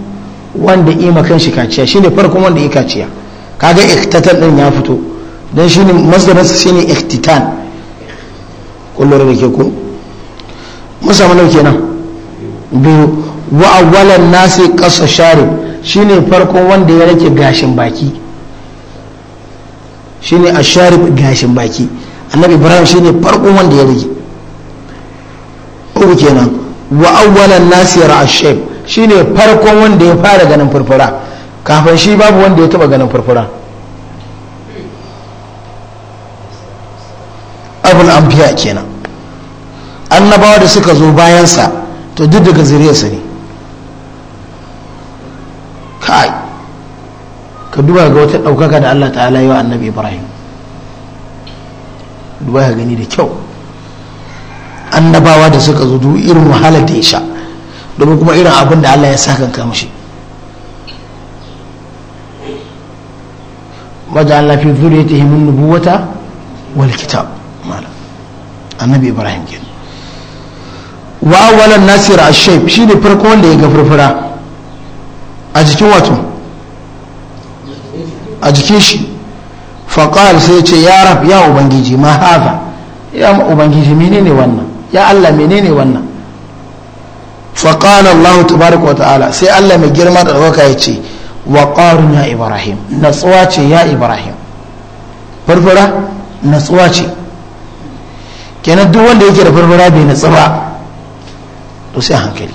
wanda ima kan shi kaciya shine farkon wanda ikaciya kaga ikhtatan din ya fito dan shine masdarin sa shine ikhtitan kullure da ke ku musa mana kenan bi wa awwalan nasi qasa sharib shine farkon wanda ya rake gashin baki shine asharib gashin baki annabi ibrahim shine farkon wanda ya rage uku kenan wa awwalan nasi ra'ashayb shine farkon wanda ya fara ganin furfura kafin shi babu wanda ya taba ganin furfura abul anbiya kenan annabawa da suka zo bayansa to duk daga zuriyarsa ne kai ka duba ga wata ɗaukaka da Allah ta'ala yi wa annabi ibrahim duba ya gani da kyau annabawa da suka zo duk irin wahalar da ya sha domin kuma irin abin da Allah ya sakan ka mashi wajen Allah fi zuriyatihim nubu nubuwata wal kitab malam annabi Ibrahim kenan wa awwalan nasir ashaib shi ne farko wanda ya ga a jikin wato a jikin shi faƙal sai ce ya rab ya ubangiji ma haza ya ubangiji menene wannan ya allah menene wannan faƙal allahu tabaraka wa ta'ala sai allah mai girma da ɗaukaka ya ce wa ƙarun ya ibrahim natsuwa ce ya ibrahim farfara natsuwa ce kenan duk wanda yake da farfara bai natsu ba to sai hankali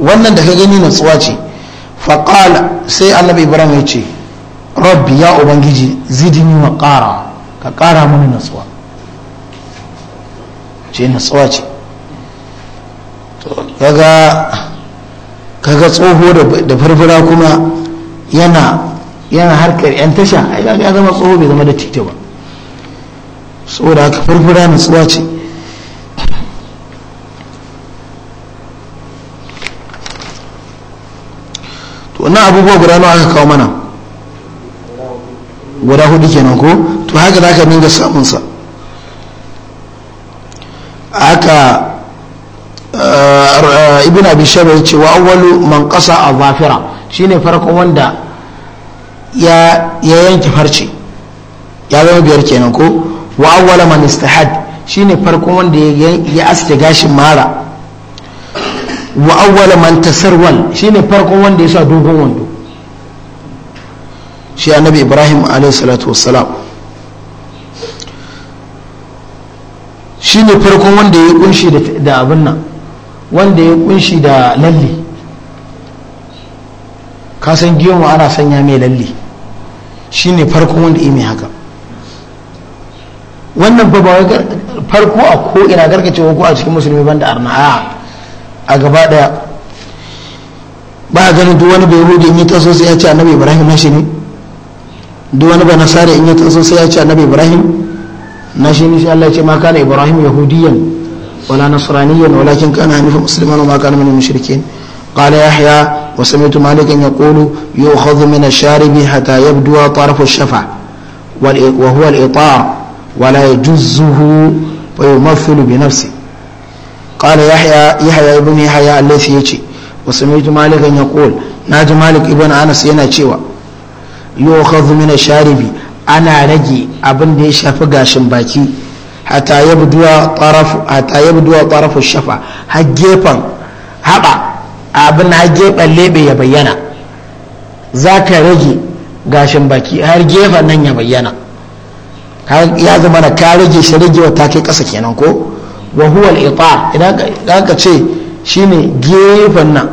wannan da ka gani natsuwa ce faƙal sai annabi ibrahim ya ce rabbi ya ubangiji zidini wa ƙara ka ƙara mini nasuwa ce nasuwa ce kaga kaga tsoho da farfara kuma yana yana harkar yan tasha ai kaga ya zama tsoho bai zama da tita ba saboda haka farfara nasuwa ce to wannan abubuwa guda nawa aka kawo mana guda hudu kenan ko to haka za ka dinga samunsa haka eh, eh, ibn abi ya ce wa awwalu man qasa azafira shine farkon wanda ya ya yanke farce ya zama biyar kenan ko wa awwala man istahad shine farkon wanda ya aske gashin mara wa awwala man tasarwal shine farkon wanda ya sa dogon wando shi annabi ibrahim alaihissalatu wassalam shi ne farkon wanda ya kunshi da abin nan wanda ya kunshi da lalle kasan giyon ana sanya mai lalle shi ne farkon wanda ya mai haka wannan ba wai farko a ko ina garkacewa ko a cikin musulmi banda arna a gaba daya ba a ganin duk wani bai rudi in yi ya ce annabi ibrahim na shi ne duk wani ba nasara in ya taso sai ya ce annabi ibrahim na shi ne Allah ya ce ma kana ibrahim yahudiyan wala nasraniyan walakin kana hanifa musliman wa ma kana minal mushrikin qala yahya wa sami'tu malikan yaqulu yu'khadhu min ash-sharibi hatta yabdua tarfu ash-shafa wa huwa wala itar wa la yajuzzuhu wa yumathilu bi nafsi qala yahya yahya ibn yahya allathi yace wa naji malik ibn anas yana cewa yukhadhu min sharibi ana rage abin da ya shafi gashin baki hatta yabduwa taraf hatta shafa har gefen haba abin har gefen lebe ya bayyana zaka rage gashin baki har gefen nan ya bayyana ya zama na ka rage shi ragewa ta kai ƙasa kenan ko wa huwa al idan ka ce shine gefen nan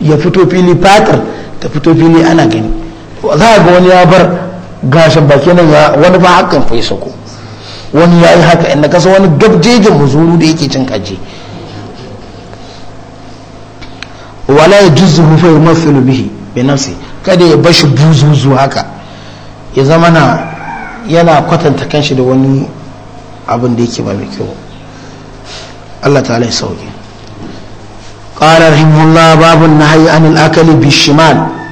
ya fito fili fatar ta fito fili ana gani za a ga wani ya bar gashin baki nan ya wani ba hakan fai sako wani ya yi haka inda kasa wani gabjejin muzuru da yake cin kaji wala ya juzu hufa ya mafi bihi bai nafsi kada ya bashi buzuzu haka ya zama na yana kwatanta kanshi da wani abin da yake ba mai kyau Allah ta alai sauki ƙarar himmullah na hayi anil akali bishimal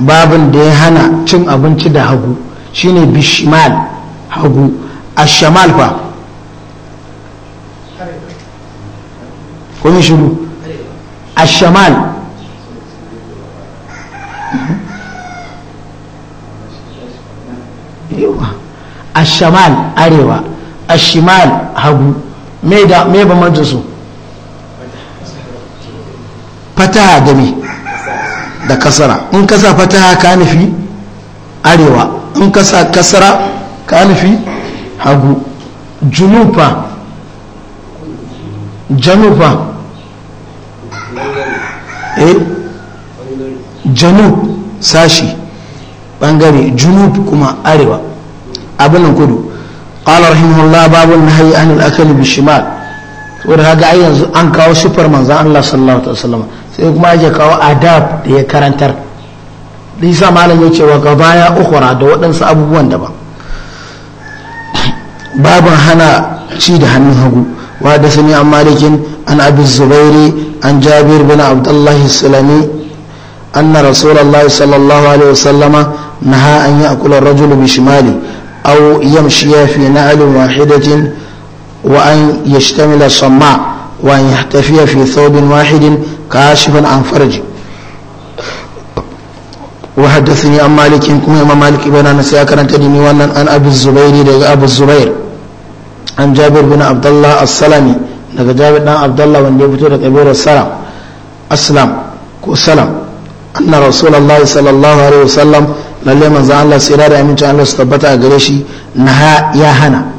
babin da ya hana cin abinci da hagu shine bishmal hagu ashamal fa kun shiru ashamal ashamal arewa ashimal hagu me ba majinsu Fata da mai da kasara in ka sa fataha ka nufi arewa in ka sa kasara ka nufi hagu junufa janufa eh janub sashi bangare junub kuma arewa abinan kudu qala rahimahullah nahyi anil akali bishimal saboda kaga yanzu an kawo sifar manzon Allah sai kuma ake kawo adab da ya karantar isa malam ya ce wa gabaya ukura da waɗansa abubuwan daban [COUGHS] babin hana ci da hannun hagu wa da sami an malikin an abu zubairi an jabir bin abdullahi sulami an na rasulallah sallallahu alaihi wasallama na ha an yi akula rajulu shimali au yam shi ya fi na alin wahidatin wa an yashtamila shamma وأن يحتفي في ثوب واحد كاشف عن فرج وحدثني عن مالك كما إمام مالك بن أنس أكرمت ديني وأن أن أبي الزبير أبو الزبير عن جابر بن عبد الله السلمي daga jabir dan abdullah wanda ya fito da kabilar salam aslam ko salam anna rasulullahi sallallahu alaihi wasallam lalle manzo Allah sai da aminci Allah su tabbata a gare shi naha ya hana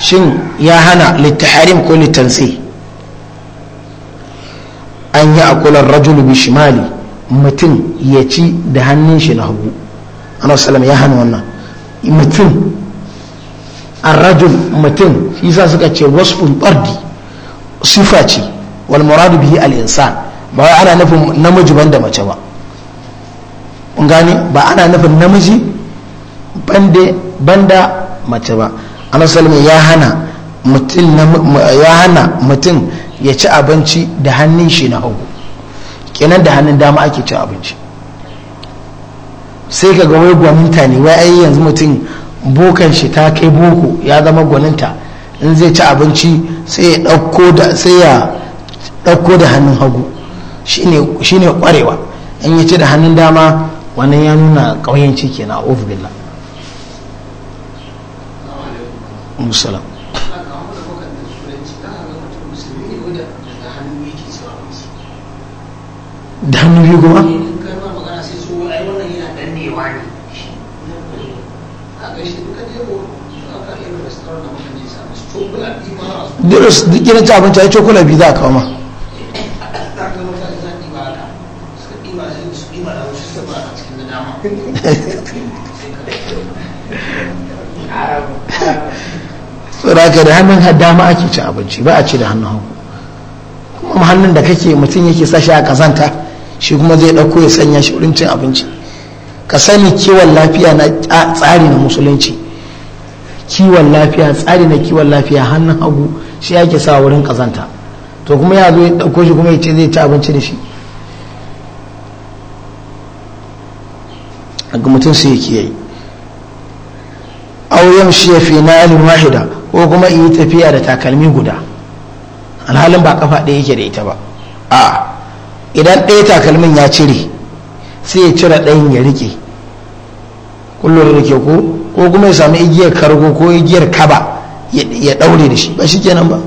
shin ya hana litahrim ko litansi an yi akular rajulu bi shimali mutum ya ci da hannun shi na hagu ana salam ya hana wannan mutum rajul mutum shi sa suka ce wasu ɓardi sifa ce wal muradu bihi al insan ba wai ana nufin namiji ban da mace ba kun gane ba ana nufin namiji ban da mace ba ana salam ya hana mutum ya hana mutum ya ci abinci da hannun shi na hagu kenan da hannun dama ake ci abinci sai ka ga wai gwaninta ne wai ai yanzu mutum bokan shi ta kai boko ya zama gwaninta in zai ci abinci sai ya ɗauko da hannun hagu shi ne ƙwarewa in ya ci da hannun dama wannan ya nuna ƙauyenci ciki na ofi billah da hannu biyu kuma eh, dirus duk gina ci abinci ya cokula biyu za a kawo ma [COUGHS] tsoraka [LAUGHS] da hannun dama ake ci abinci ba a ci da hannun hagu kuma hannun da kake mutum yake sashi a kazanta shi kuma zai ɗauko ya sanya shi wurin cin abinci ka sani kiwon lafiya na tsari na musulunci kiwon lafiya tsari na kiwon lafiya hannun hagu shi yake sa wurin kazanta to kuma ya zo ya ɗauko shi kuma ya ce zai ci abinci da shi ga mutum sai yake yi auyan shi ya fi na alin wahida ko kuma yi tafiya da takalmi guda alhalin ba kafa ɗaya yake da ita ba a idan ɗaya takalmin ya cire sai ya cire ɗayan ya rike kullum da ke ko ko kuma ya sami igiyar kargo ko igiyar kaba ya ɗaure da shi ba shi kenan ba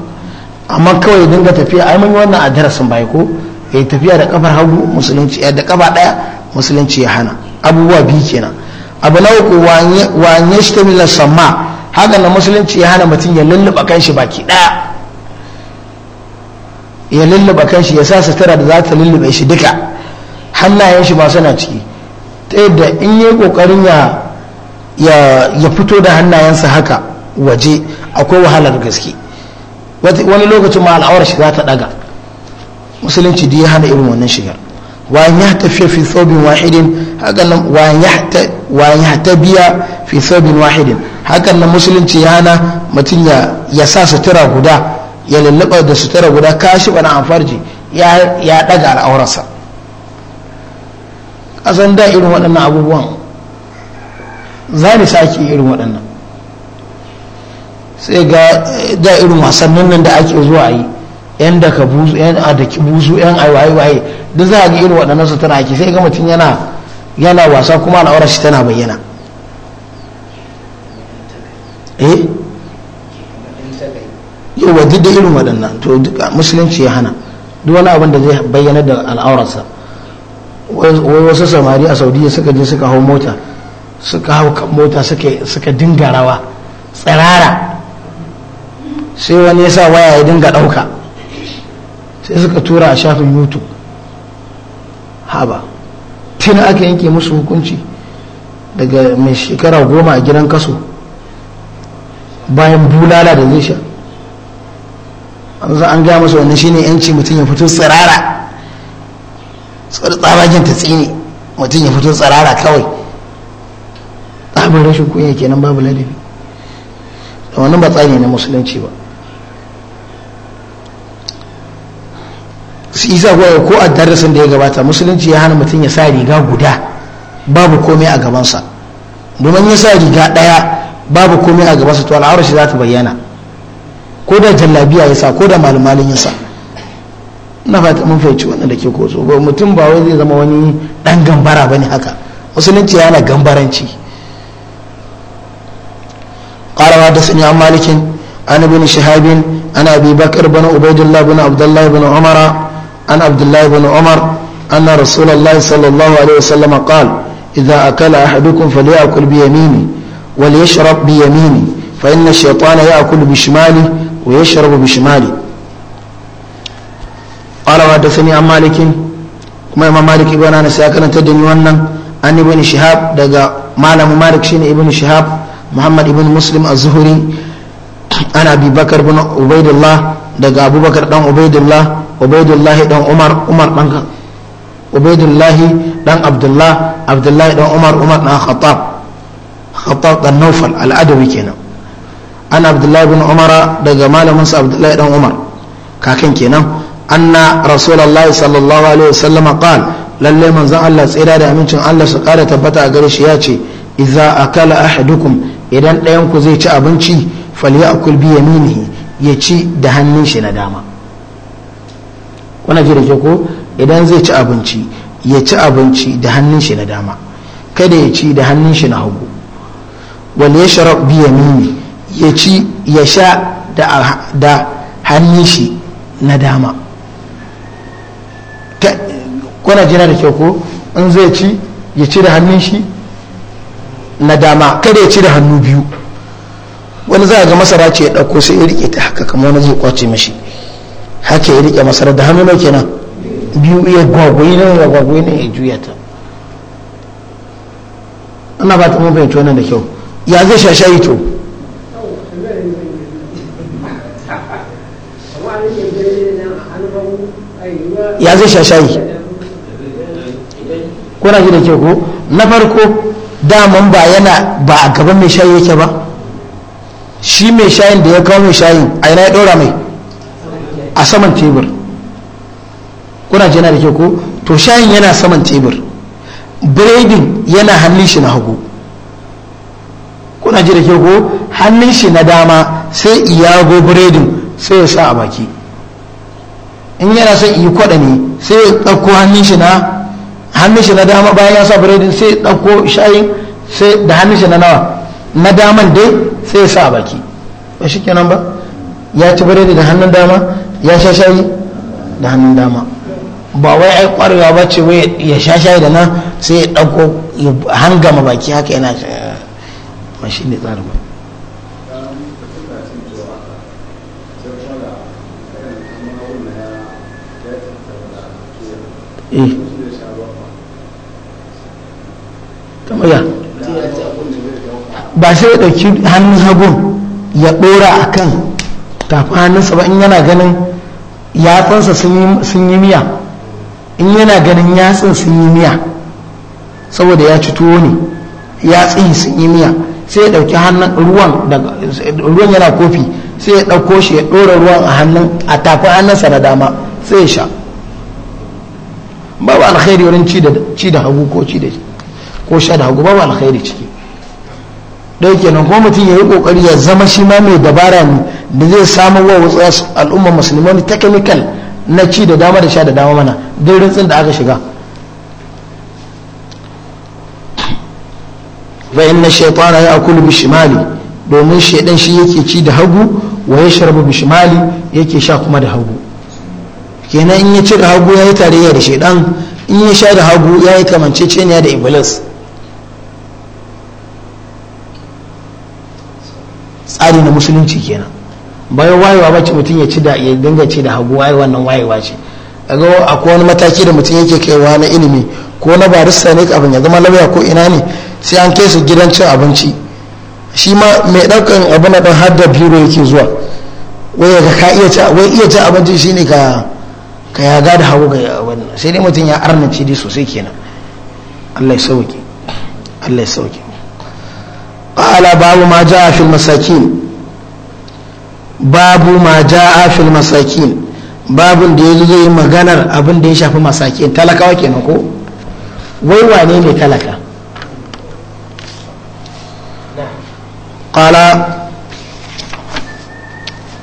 amma kawai dinga tafiya ai mun yi wannan a darasin bai ko ya tafiya da kafar hagu musulunci eh, da kaba ɗaya musulunci ya hana abubuwa biyu kenan abu na uku wanye shi ta sama haka na musulunci ya hana mutum ya lulluɓa shi baki ɗaya ya lullaba shi ya sa sutura da za ta lullube shi duka hannayen shi ma suna ciki ta yadda in yi kokarin ya fito da hannayensa haka waje akwai wahalar gaske wani lokacin ma al'awar shiga ta daga musulunci da ya hana irin wannan shigar wayan ya tafiya fi thobin wahidin hakan nan wayan wahidin hakan nan musulunci ya hana mutum ya sa sutura guda ya lullaba da sutura guda kashi bana amfarji ya daga al'aurarsa kasan da irin waɗannan abubuwan za ni sake irin waɗannan sai ga eh, da irin wasannin nan da ake zuwa yi yan da ka buzu yan a da ki buzu yan waye waye duk za a ga irin waɗannan su tana ake sai ga mutum yana yana wasa kuma al'aurar shi tana bayyana eh yawa duk da irin waɗannan to duka musulunci ya hana duk wani abin da zai bayyana da al'aurarsa wai wasu samari a saudiya suka je suka hau mota suka hau mota suka dinga rawa tsirara sai wani ya sa waya ya dinga ɗauka sai suka tura a shafin youtube haba tun aka yanke musu hukunci daga mai shekara goma a gidan kaso bayan bulala da zai sha za an gama su wannan shine yanci mutum ya fito tsirara tsabagen ta tsini mutum ya fito tsirara kawai tsabar rashin kunya kenan babu ladabi da wannan ba tsari na musulunci ba su isa goya ko a darasin da ya gabata musulunci ya hana mutum ya sa riga guda babu komai a gabansa domin ya sa riga ɗaya babu komai a gabansa to al'aurar shi za ta bayyana ko da jallabiya ya sa ko da malamalin ya sa na fata mun fahimci wannan da ke kozo ba mutum ba wai zai zama wani dan gambara ba ne haka musulunci ya na gambaranci ƙarawa da yi an malikin an ibn shahabin an abin bakar bin ubaidullah bin Abdullahi, bin umar an Abdullahi, bin umar an rasulullah sallallahu alaihi wasallam qala idza a ahadukum falyakul bi yamini wal yashrab bi yamini fa inna ash-shaytana ya'kulu bi ويشرب بشماله قال وحدثني عن مالك كما امام مالك ابن انس يا كان تدني wannan an ibn shihab daga malamin malik shine ibn shihab muhammad ibn muslim az-zuhri ana abi bakar bin ubaidullah daga abubakar dan ubaidullah dan umar umar dan ubaidullah dan abdullah dan umar umar dan khattab khattab dan naufal al-adawi kenan an abdullahi bin umara daga malamin sa abdullahi dan umar kakan kenan anna rasulullahi sallallahu alaihi wasallam qal lalle manzon Allah tsira da amincin Allah su kara tabbata a gare shi ya ce idza akala ahadukum idan ɗayan ku zai ci abinci falyakul bi yaminihi ya ci da hannun shi na dama wannan ji da ko idan zai ci abinci ya ci abinci da hannun shi na dama kada ya ci da hannun shi na hagu wal yashrab bi yaminihi ya ci ya sha da hannun shi na dama kuna jina da kyau ko in zai ci ya ci da hannun shi na dama kada ya ci da hannu biyu wani za a ga masara ce ya ɗauko sai ya rike ta haka kama wani zai kwace mashi haka ya rike masara da hannu kenan biyu iya gwagwai na ya gwagwai ne ya juya ta ana ba ta mun fahimci wannan da kyau ya zai shashayi to ya zai sha shayi kuna ji da ke ko na farko daman ba yana ba a gaban mai shayi yake ba shi mai shayin da ya kawo mai shayin a yana ya ɗora mai a saman tebur kuna ji yana da ke ko to shayin yana saman tebur biredin yana hannun shi na hagu kuna ji da ke ko hannun shi na dama sai iyago biredin sai ya sa a baki in yana son yi kwada ne sai ya ɗauko hannun shi na hannun shi na dama bayan ya sa biredin sai ya ɗauko shayin sai da hannun shi na nawa na daman dai sai ya sa a baki ba shi kenan ba ya ci biredi da hannun dama ya sha shayi da hannun dama ba wai ai kwarewa ba ce wai ya sha shayi da na sai ya ɗauko hangama baki haka yana shi ne tsarin ba kamar eh. ya ba sai ya ɗauki hannun hagun ya ɗora a kan tafi ba in yana ganin yatsansa sun yi miya in yana ganin yatsun sun yi miya saboda ya ci tuwo ne yatsun sun yi miya sai ya ɗauki hannun ruwan ruwan yana kofi sai ya ɗauko shi ya ɗora ruwan a hannun a tafi na dama sai ya sha babu alkhairi wurin ci da hagu ko ci da ko sha da hagu babu alkhairi ciki dai kenan kuma mutum ya yi kokari ya zama shi ma mai dabara ne da zai samu wa wasu al'umma musulmani ta kemikal na ci da dama da sha da dama mana dai rintsin da aka shiga fa inna shaytana ya'kulu bishimali domin shaydan shi yake ci da hagu wa yashrabu bishimali yake sha kuma da hagu kenan in ya da hagu ya yi tarayya da shaidan in ya sha da hagu ya yi kamanceceniya da iblis tsari na musulunci kenan bayan wayewa ba ce mutum ya ci da ya dinga ci da hagu wayewa nan wayewa ce ga akwai wani mataki da mutum yake kaiwa na ilimi ko na barista ne kafin ya zama lauya ko ina ne sai an kai su gidan cin abinci shi ma mai ɗaukan abu na ɗan har da biro yake zuwa wai ka iya ci abinci shine ka ka ya gada hagu ga wannan sai dai mutum ya arnace dai sosai kenan Allah ya sauke Allah ya sauke qala babu ma jaa fil masakin babu ma jaa fil masakin babun da yazo zai maganar abin da ya shafi masakin talakawa kenan ko wai wane ne talaka qala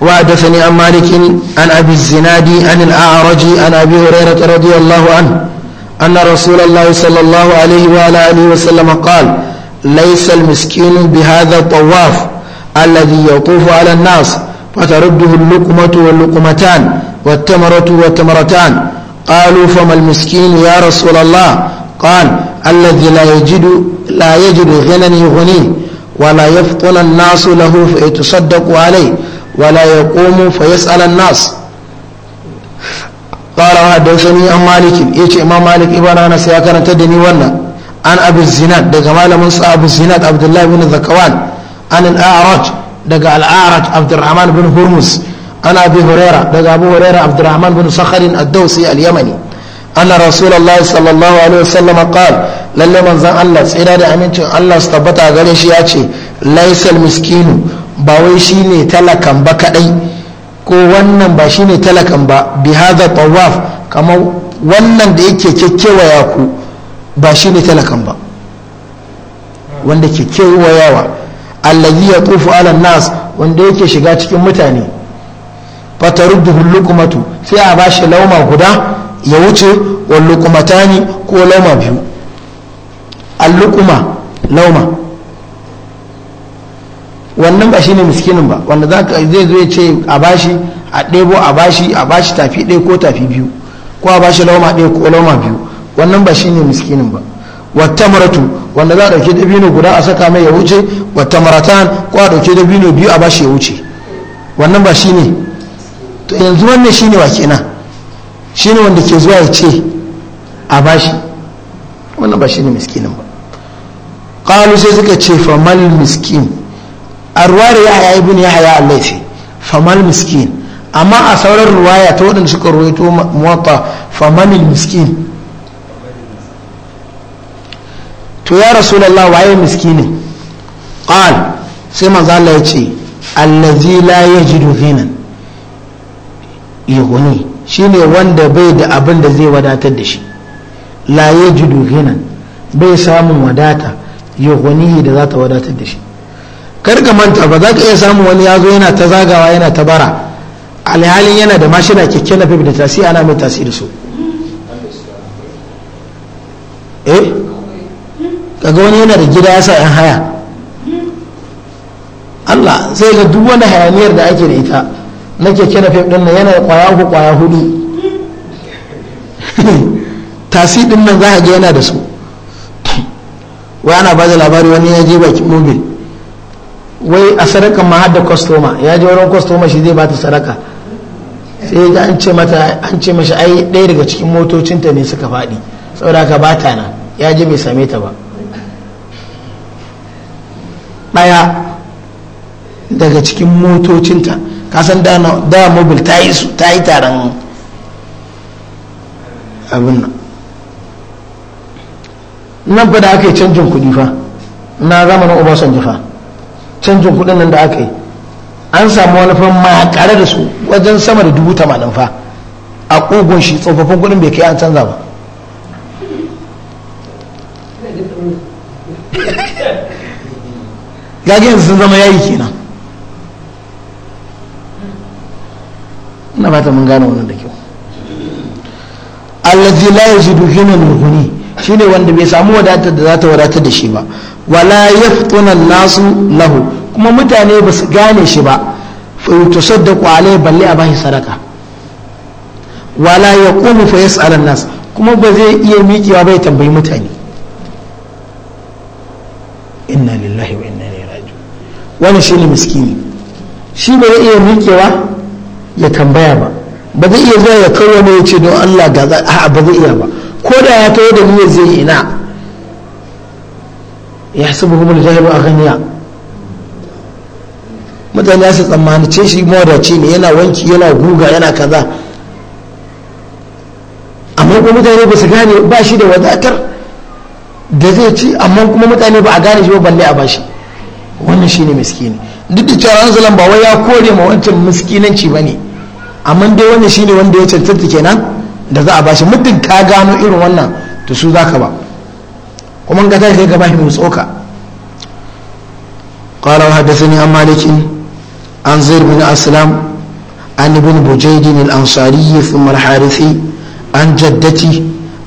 وحدثني عن مالك عن أبي الزناد عن الأعرج عن أبي هريرة رضي الله عنه أن رسول الله صلى الله عليه وعلى آله وسلم قال ليس المسكين بهذا الطواف الذي يطوف على الناس فترده اللقمة واللقمتان والتمرة والتمرتان قالوا فما المسكين يا رسول الله قال الذي لا يجد لا يجد غنى يغنيه ولا يفطن الناس له فيتصدق عليه ولا يقوم فيسأل الناس قال حدثني عن مالك يجي امام مالك ابن انس يا كان تدني ونا عن ابي الزناد ده مالك من ابو الزناد عبد الله بن ذكوان عن الاعرج ده الاعرج عبد الرحمن بن هرمز عن ابي هريره ده ابو هريره عبد الرحمن بن صخر الدوسي اليمني أن رسول الله صلى الله عليه وسلم قال للي من زن الله سيدا دا أمينتو الله استبتا غليش ياتي ليس المسكين ba wai shine talakan ba kadai ko wannan ba shine talakan ba bi hadha tawaf kamar wannan da yake ya ku ba shine talakan ba wanda ke yawa allazi ya tufu ala nas wanda yake shiga cikin mutane fatarudduhu hulukumatu sai a bashi lauma guda ya wuce wa ko lauma biyu allukuma lauma wannan ba shine miskinin ba wanda za zai zo ya ce a bashi a ɗebo a bashi a bashi tafi ɗaya ko tafi biyu ko a bashi lauma ɗaya ko lauma biyu wannan ba shine miskinin ba wata maratu wanda za a da dabino guda a saka mai ya wuce wata maratan ko a ɗauke dabino biyu a bashi ya wuce wannan ba shine to yanzu wannan shine wa kenan shine wanda ke zuwa ya ce a bashi wannan ba shine miskinin ba qalu sai suka ce fa miskin a ya yahya ibn ya al-laifi famal miskin amma a sauran ruwaya ta waɗanda suka ruwaito muwatta famanil miskin to ya rasulullah waye miskinin qal sai maza Allah ya ce allazi la yajidu ghinan yughni shine wanda bai da abin da zai wadatar da shi la yajidu ghinan bai samun wadata yughnihi da za ta wadatar da shi kar ka manta ba za ka iya samun wani ya zo yana ta zagawa yana ta bara alhalin yana da mashina keke na fifi da tasi ana mai tasi da su eh kaga wani yana da gida ya sa yan haya Allah sai ga duk wani hayaniyar da ake da ita na keke na fifi nan yana da kwaya uku kwaya hudu [LAUGHS] tasi din nan za a ga yana da su wai ana ba da labari wani ya je bakin mobil wai a sadaka ma hada kwastoma ya ji wurin kwastoma shi zai ba ta sadaka sai ga an ce mata an ce mashi ai ɗaya daga cikin motocinta ne suka faɗi saboda ka ba ta nan ya ji bai same ta ba ɗaya daga cikin motocinta ka san da mobil ta yi su ta yi taron abin nan nan fa da aka yi canjin kuɗi fa na zamanin obasanjo fa canjin kudin nan da aka yi an samu wani fa makare da su wajen sama da dubu tamanin fa a kogon shi tsofaffin kudin bai kai an canza ba [LAUGHS] gage yanzu sun zama yayi kenan ina fata mun gane wannan da kyau allazi la yajidu hina al-ghuni shine wanda bai samu wadatar da za ta wadatar da shi ba wala yaftuna nasu lahu kuma mutane ba su gane shi ba to sadda kwale balle a bashi sadaka wala yaqumu fa yas'al nas kuma ba zai iya miƙewa bai tambayi mutane inna lillahi wa inna ilaihi raji'un wannan shine miskini shi ba zai iya miƙewa ya tambaya ba ba zai iya zuwa ya kawo ne ya ce don Allah ga a ba zai iya ba ko da ya kawo da niyyar zai ina ya sabu jihar jahilu a ganiya mutane su tsammanice shi mawadace ne yana wanki yana guga yana kaza amma kuma mutane ba su gane ba shi da wadatar da zai ci amma kuma mutane ba a gane shi ba balle a bashi wannan shine miskini duk da cewa anzalan ba wai ya kore ma wancan miskinanci ne amma dai wannan shine wanda ya cancanta kenan da za a bashi muddin ka gano irin wannan to su za ka ba kuma in ka tashi sai ka bashi mai tsoka قال وحدثني عن مالك عن زيد بن أسلم عن ابن بجيد الأنصاري ثم الحارثي عن جدتي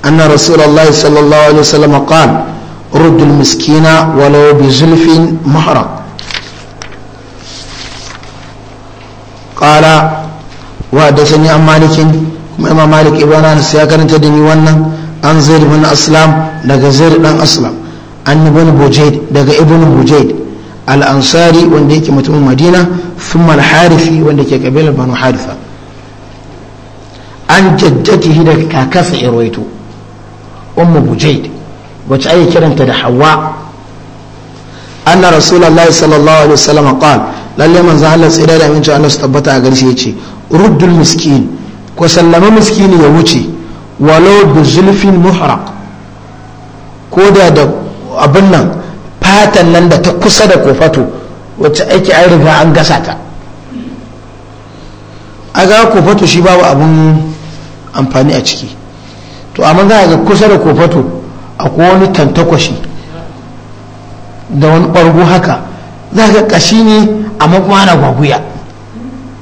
أن رسول الله صلى الله عليه وسلم قال رد المسكين ولو بزلف محرق قال وحدثني عن مالك إمام مالك ابن أنس يا كرنت دني ونن an zaid bin aslam daga zaid dan aslam an Bani bujayd daga ibn bujayd al-ansari wanda yake mutumin madina thumma harifi wanda ke kabilar banu harifa an jaddatihi daga kakarsa irwaito Umma bujayd wacce ake kiranta da hawa anna rasulallah sallallahu alaihi wasallam qala lalle manzo Allah tsira da aminci Allah su tabbata a garshi yace ruddul miskin ko sallama miskini ya wuce walau da zulfin muhraq ko da da abin nan fatan nan da ta kusa da kofato wacce ake an riga an gasa ta a ga kofato shi babu abin amfani a ciki to amma za a ga kusa da kofato akwai wani tantakwashi da wani ɓargo haka za ga ƙashi ne a makwana gwaguya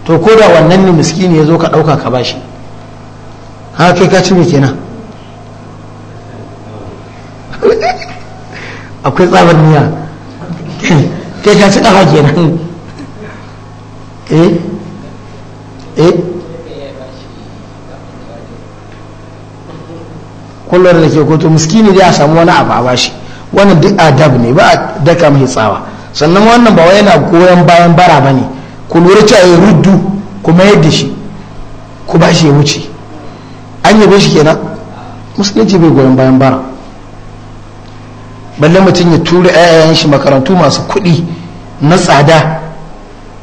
to ko da wannan ne miskini ya zo ka ɗauka ka bashi ha ka ci mai kenan akwai tsabar miya kai ka ci kafa kenan eh eh kullum da ke koto miskini ne a samu wani abu a bashi wannan duk adab ne ba a daka mai tsawa sannan wannan ba yana goyon bayan bara ba ne ku lura cewa ya ruddu kuma yadda shi ku bashi ya wuce an yabe shi kenan musulunci bai goyon bayan bara balle mutum ya tura ayayen shi makarantu masu kuɗi na tsada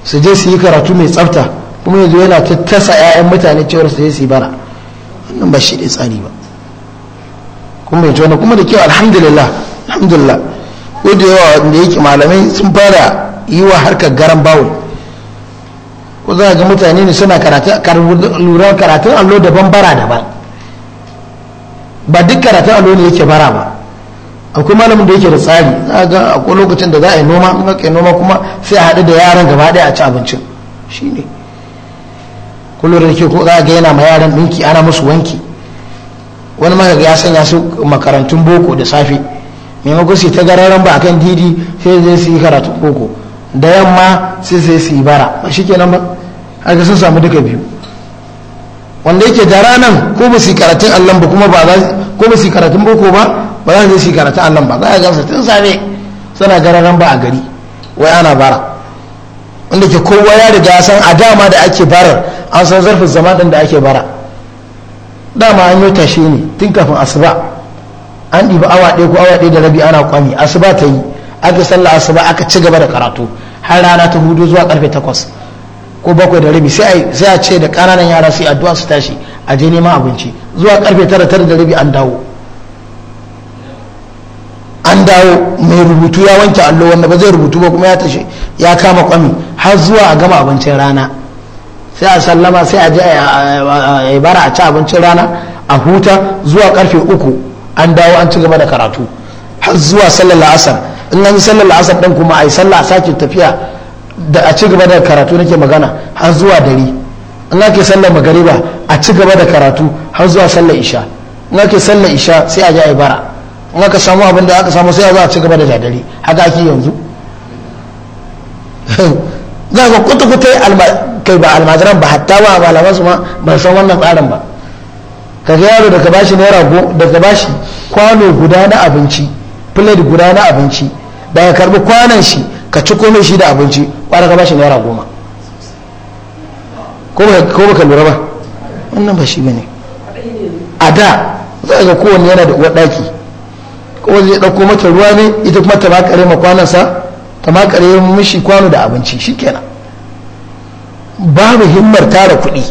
su je su yi karatu mai tsafta kuma yanzu yana ta tasa 'ya'yan mutane cewar su je su yi bara wannan ba shi ɗin tsari ba kuma yanzu wani kuma da kyau alhamdulillah alhamdulillah ko da yawa wanda yake malamai sun fara yi wa harkar garan bawul ko za ga mutane ne suna lura karatun allo daban bara daban ba duk karatu allo ne yake bara ba akwai malamin da yake da tsari za ga akwai lokacin da za a yi noma in aka yi noma kuma sai a haɗu da yaran gaba ɗaya a ci abincin ne kullum da ke ko za a ga yana ma yaran ɗinki ana musu wanki wani ma ya sanya su makarantun boko da safe maimakon su ta gararan ba akan didi sai zai su yi karatun boko da yamma sai sai su yi bara ba kenan ba haka sun samu duka biyu wanda yake da ranan ko ba su karatun allon ba kuma ba za ko ba karatun boko ba ba za su karatun allon ba za a tun sami suna gararan ba a gari wai ana bara wanda ke kowa ya riga san a dama da ake bara an san zarfin zama ɗin da ake bara dama an yi tashe ne tun kafin asuba an ɗiba awa ɗaya ko awa ɗaya da rabi ana kwami asuba ta yi aka sallah asuba aka ci gaba da karatu har rana ta hudu zuwa karfe takwas ko bakwai da rabi sai a ce da ƙananan yara su addu'a su tashi a je neman abinci zuwa karfe tara tara da rabi an dawo an dawo mai rubutu ya wanke allo wanda ba zai rubutu ba kuma ya tashi ya kama kwami har zuwa a gama abincin rana sai a sallama sai a je a bara a ci abincin rana a huta zuwa karfe uku an dawo an ci gaba da karatu har zuwa sallar la'asar in an yi sallar la'asar ɗin kuma a yi sallah a sake tafiya da a ci gaba da karatu nake magana har zuwa dare in ake sallar magariba a ci gaba da karatu har zuwa sallar isha in ake sallar isha sai a ji a bara in aka samu abin da aka samu sai a zo a ci gaba da jadari haka ake yanzu [LAUGHS] za ka kuta-kuta kai ba almajiran ba hatta ba malaman su ma ba san wannan tsarin ba kaga yaro da ka bashi naira go da ka bashi kwano guda na abinci plate guda na abinci da ka karbi kwanan shi ka ci komai shi da abinci ƙwara ka shi naira goma ko baka lura ba wannan ba shi bane a da za a ga kowanne yana da uwarɗaki kowanne ya ɗauko mata ruwa ne ita kuma ta makare ma kwanansa ta makare mishi kwano da abinci shi kenan. babu himmar tara kuɗi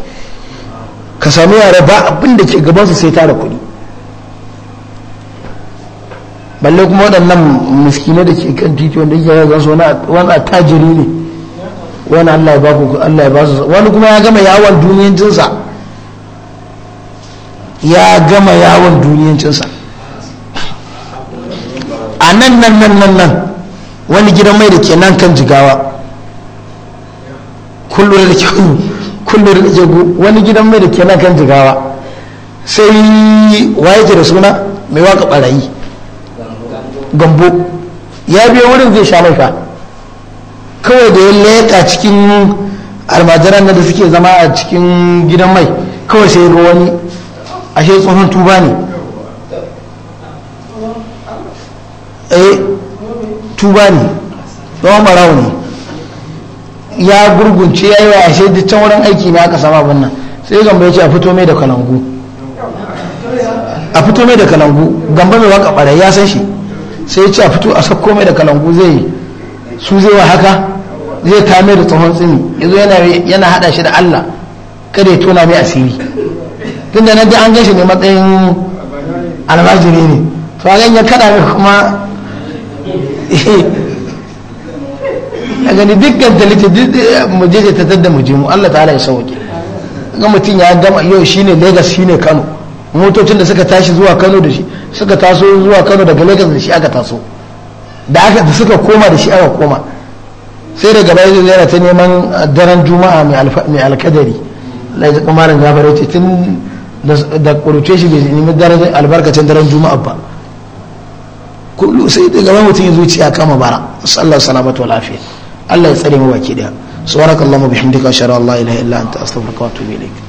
ka samu yara ba abin da ke gabansu sai tara kuɗi balle kuma waɗannan miskinai da ke kan titi wanda yake ga zansu wani tajiri ne wani Allah ya ba ku Allah ya ba su wani kuma ya gama yawon cinsa ya gama yawon cinsa a nan nan nan nan nan wani gidan mai da ke nan kan jigawa kullum da ke [LAUGHS] kullum da ke wani gidan mai da ke nan kan jigawa sai waye ke da suna mai waka barayi gambo ya biyo wurin zai sha fa kawai da ya leƙa cikin almajiran da suke zama a cikin gidan mai kawai sai ga wani ashe tsohon tuba ne eh tuba ne tsohon marau ne ya gurgunce ya yi wa ashe duk can wurin aiki ne aka sama wannan sai gamba ya ce a fito mai da kalangu a fito mai da kalangu gamba mai waka ɓarai ya san shi sai ce a fito a sako mai da kalangu zai su zai wa haka zai kame da tsohon tsini yanzu yana hada shi da Allah kada ya tona mai asiri tun da nadi an gan shi ne matsayin almajiri ne to a ganyen kada mai kuma [LAUGHS] a gani dukkan talita mu je ta tattar da mu je mu Allah ta halaye sauƙi ga mutum ya gama yau shine Lagos shine Kano motocin da suka tashi zuwa kano da shi suka taso zuwa kano daga lagos da shi aka taso da aka da suka koma da shi aka koma sai daga baya zai yana ta neman daren juma'a mai alkadari lai zaka malam gafara ce tun da kuruce shi bai nemi daren albarkacin daren juma'a ba kullu sai daga baya mutum ya zuciya kama bara sallar salamatu wa lafiya Allah ya tsare mu baki daya subhanakallahumma bihamdika ashhadu an la ilaha illa anta astaghfiruka wa atubu ilayk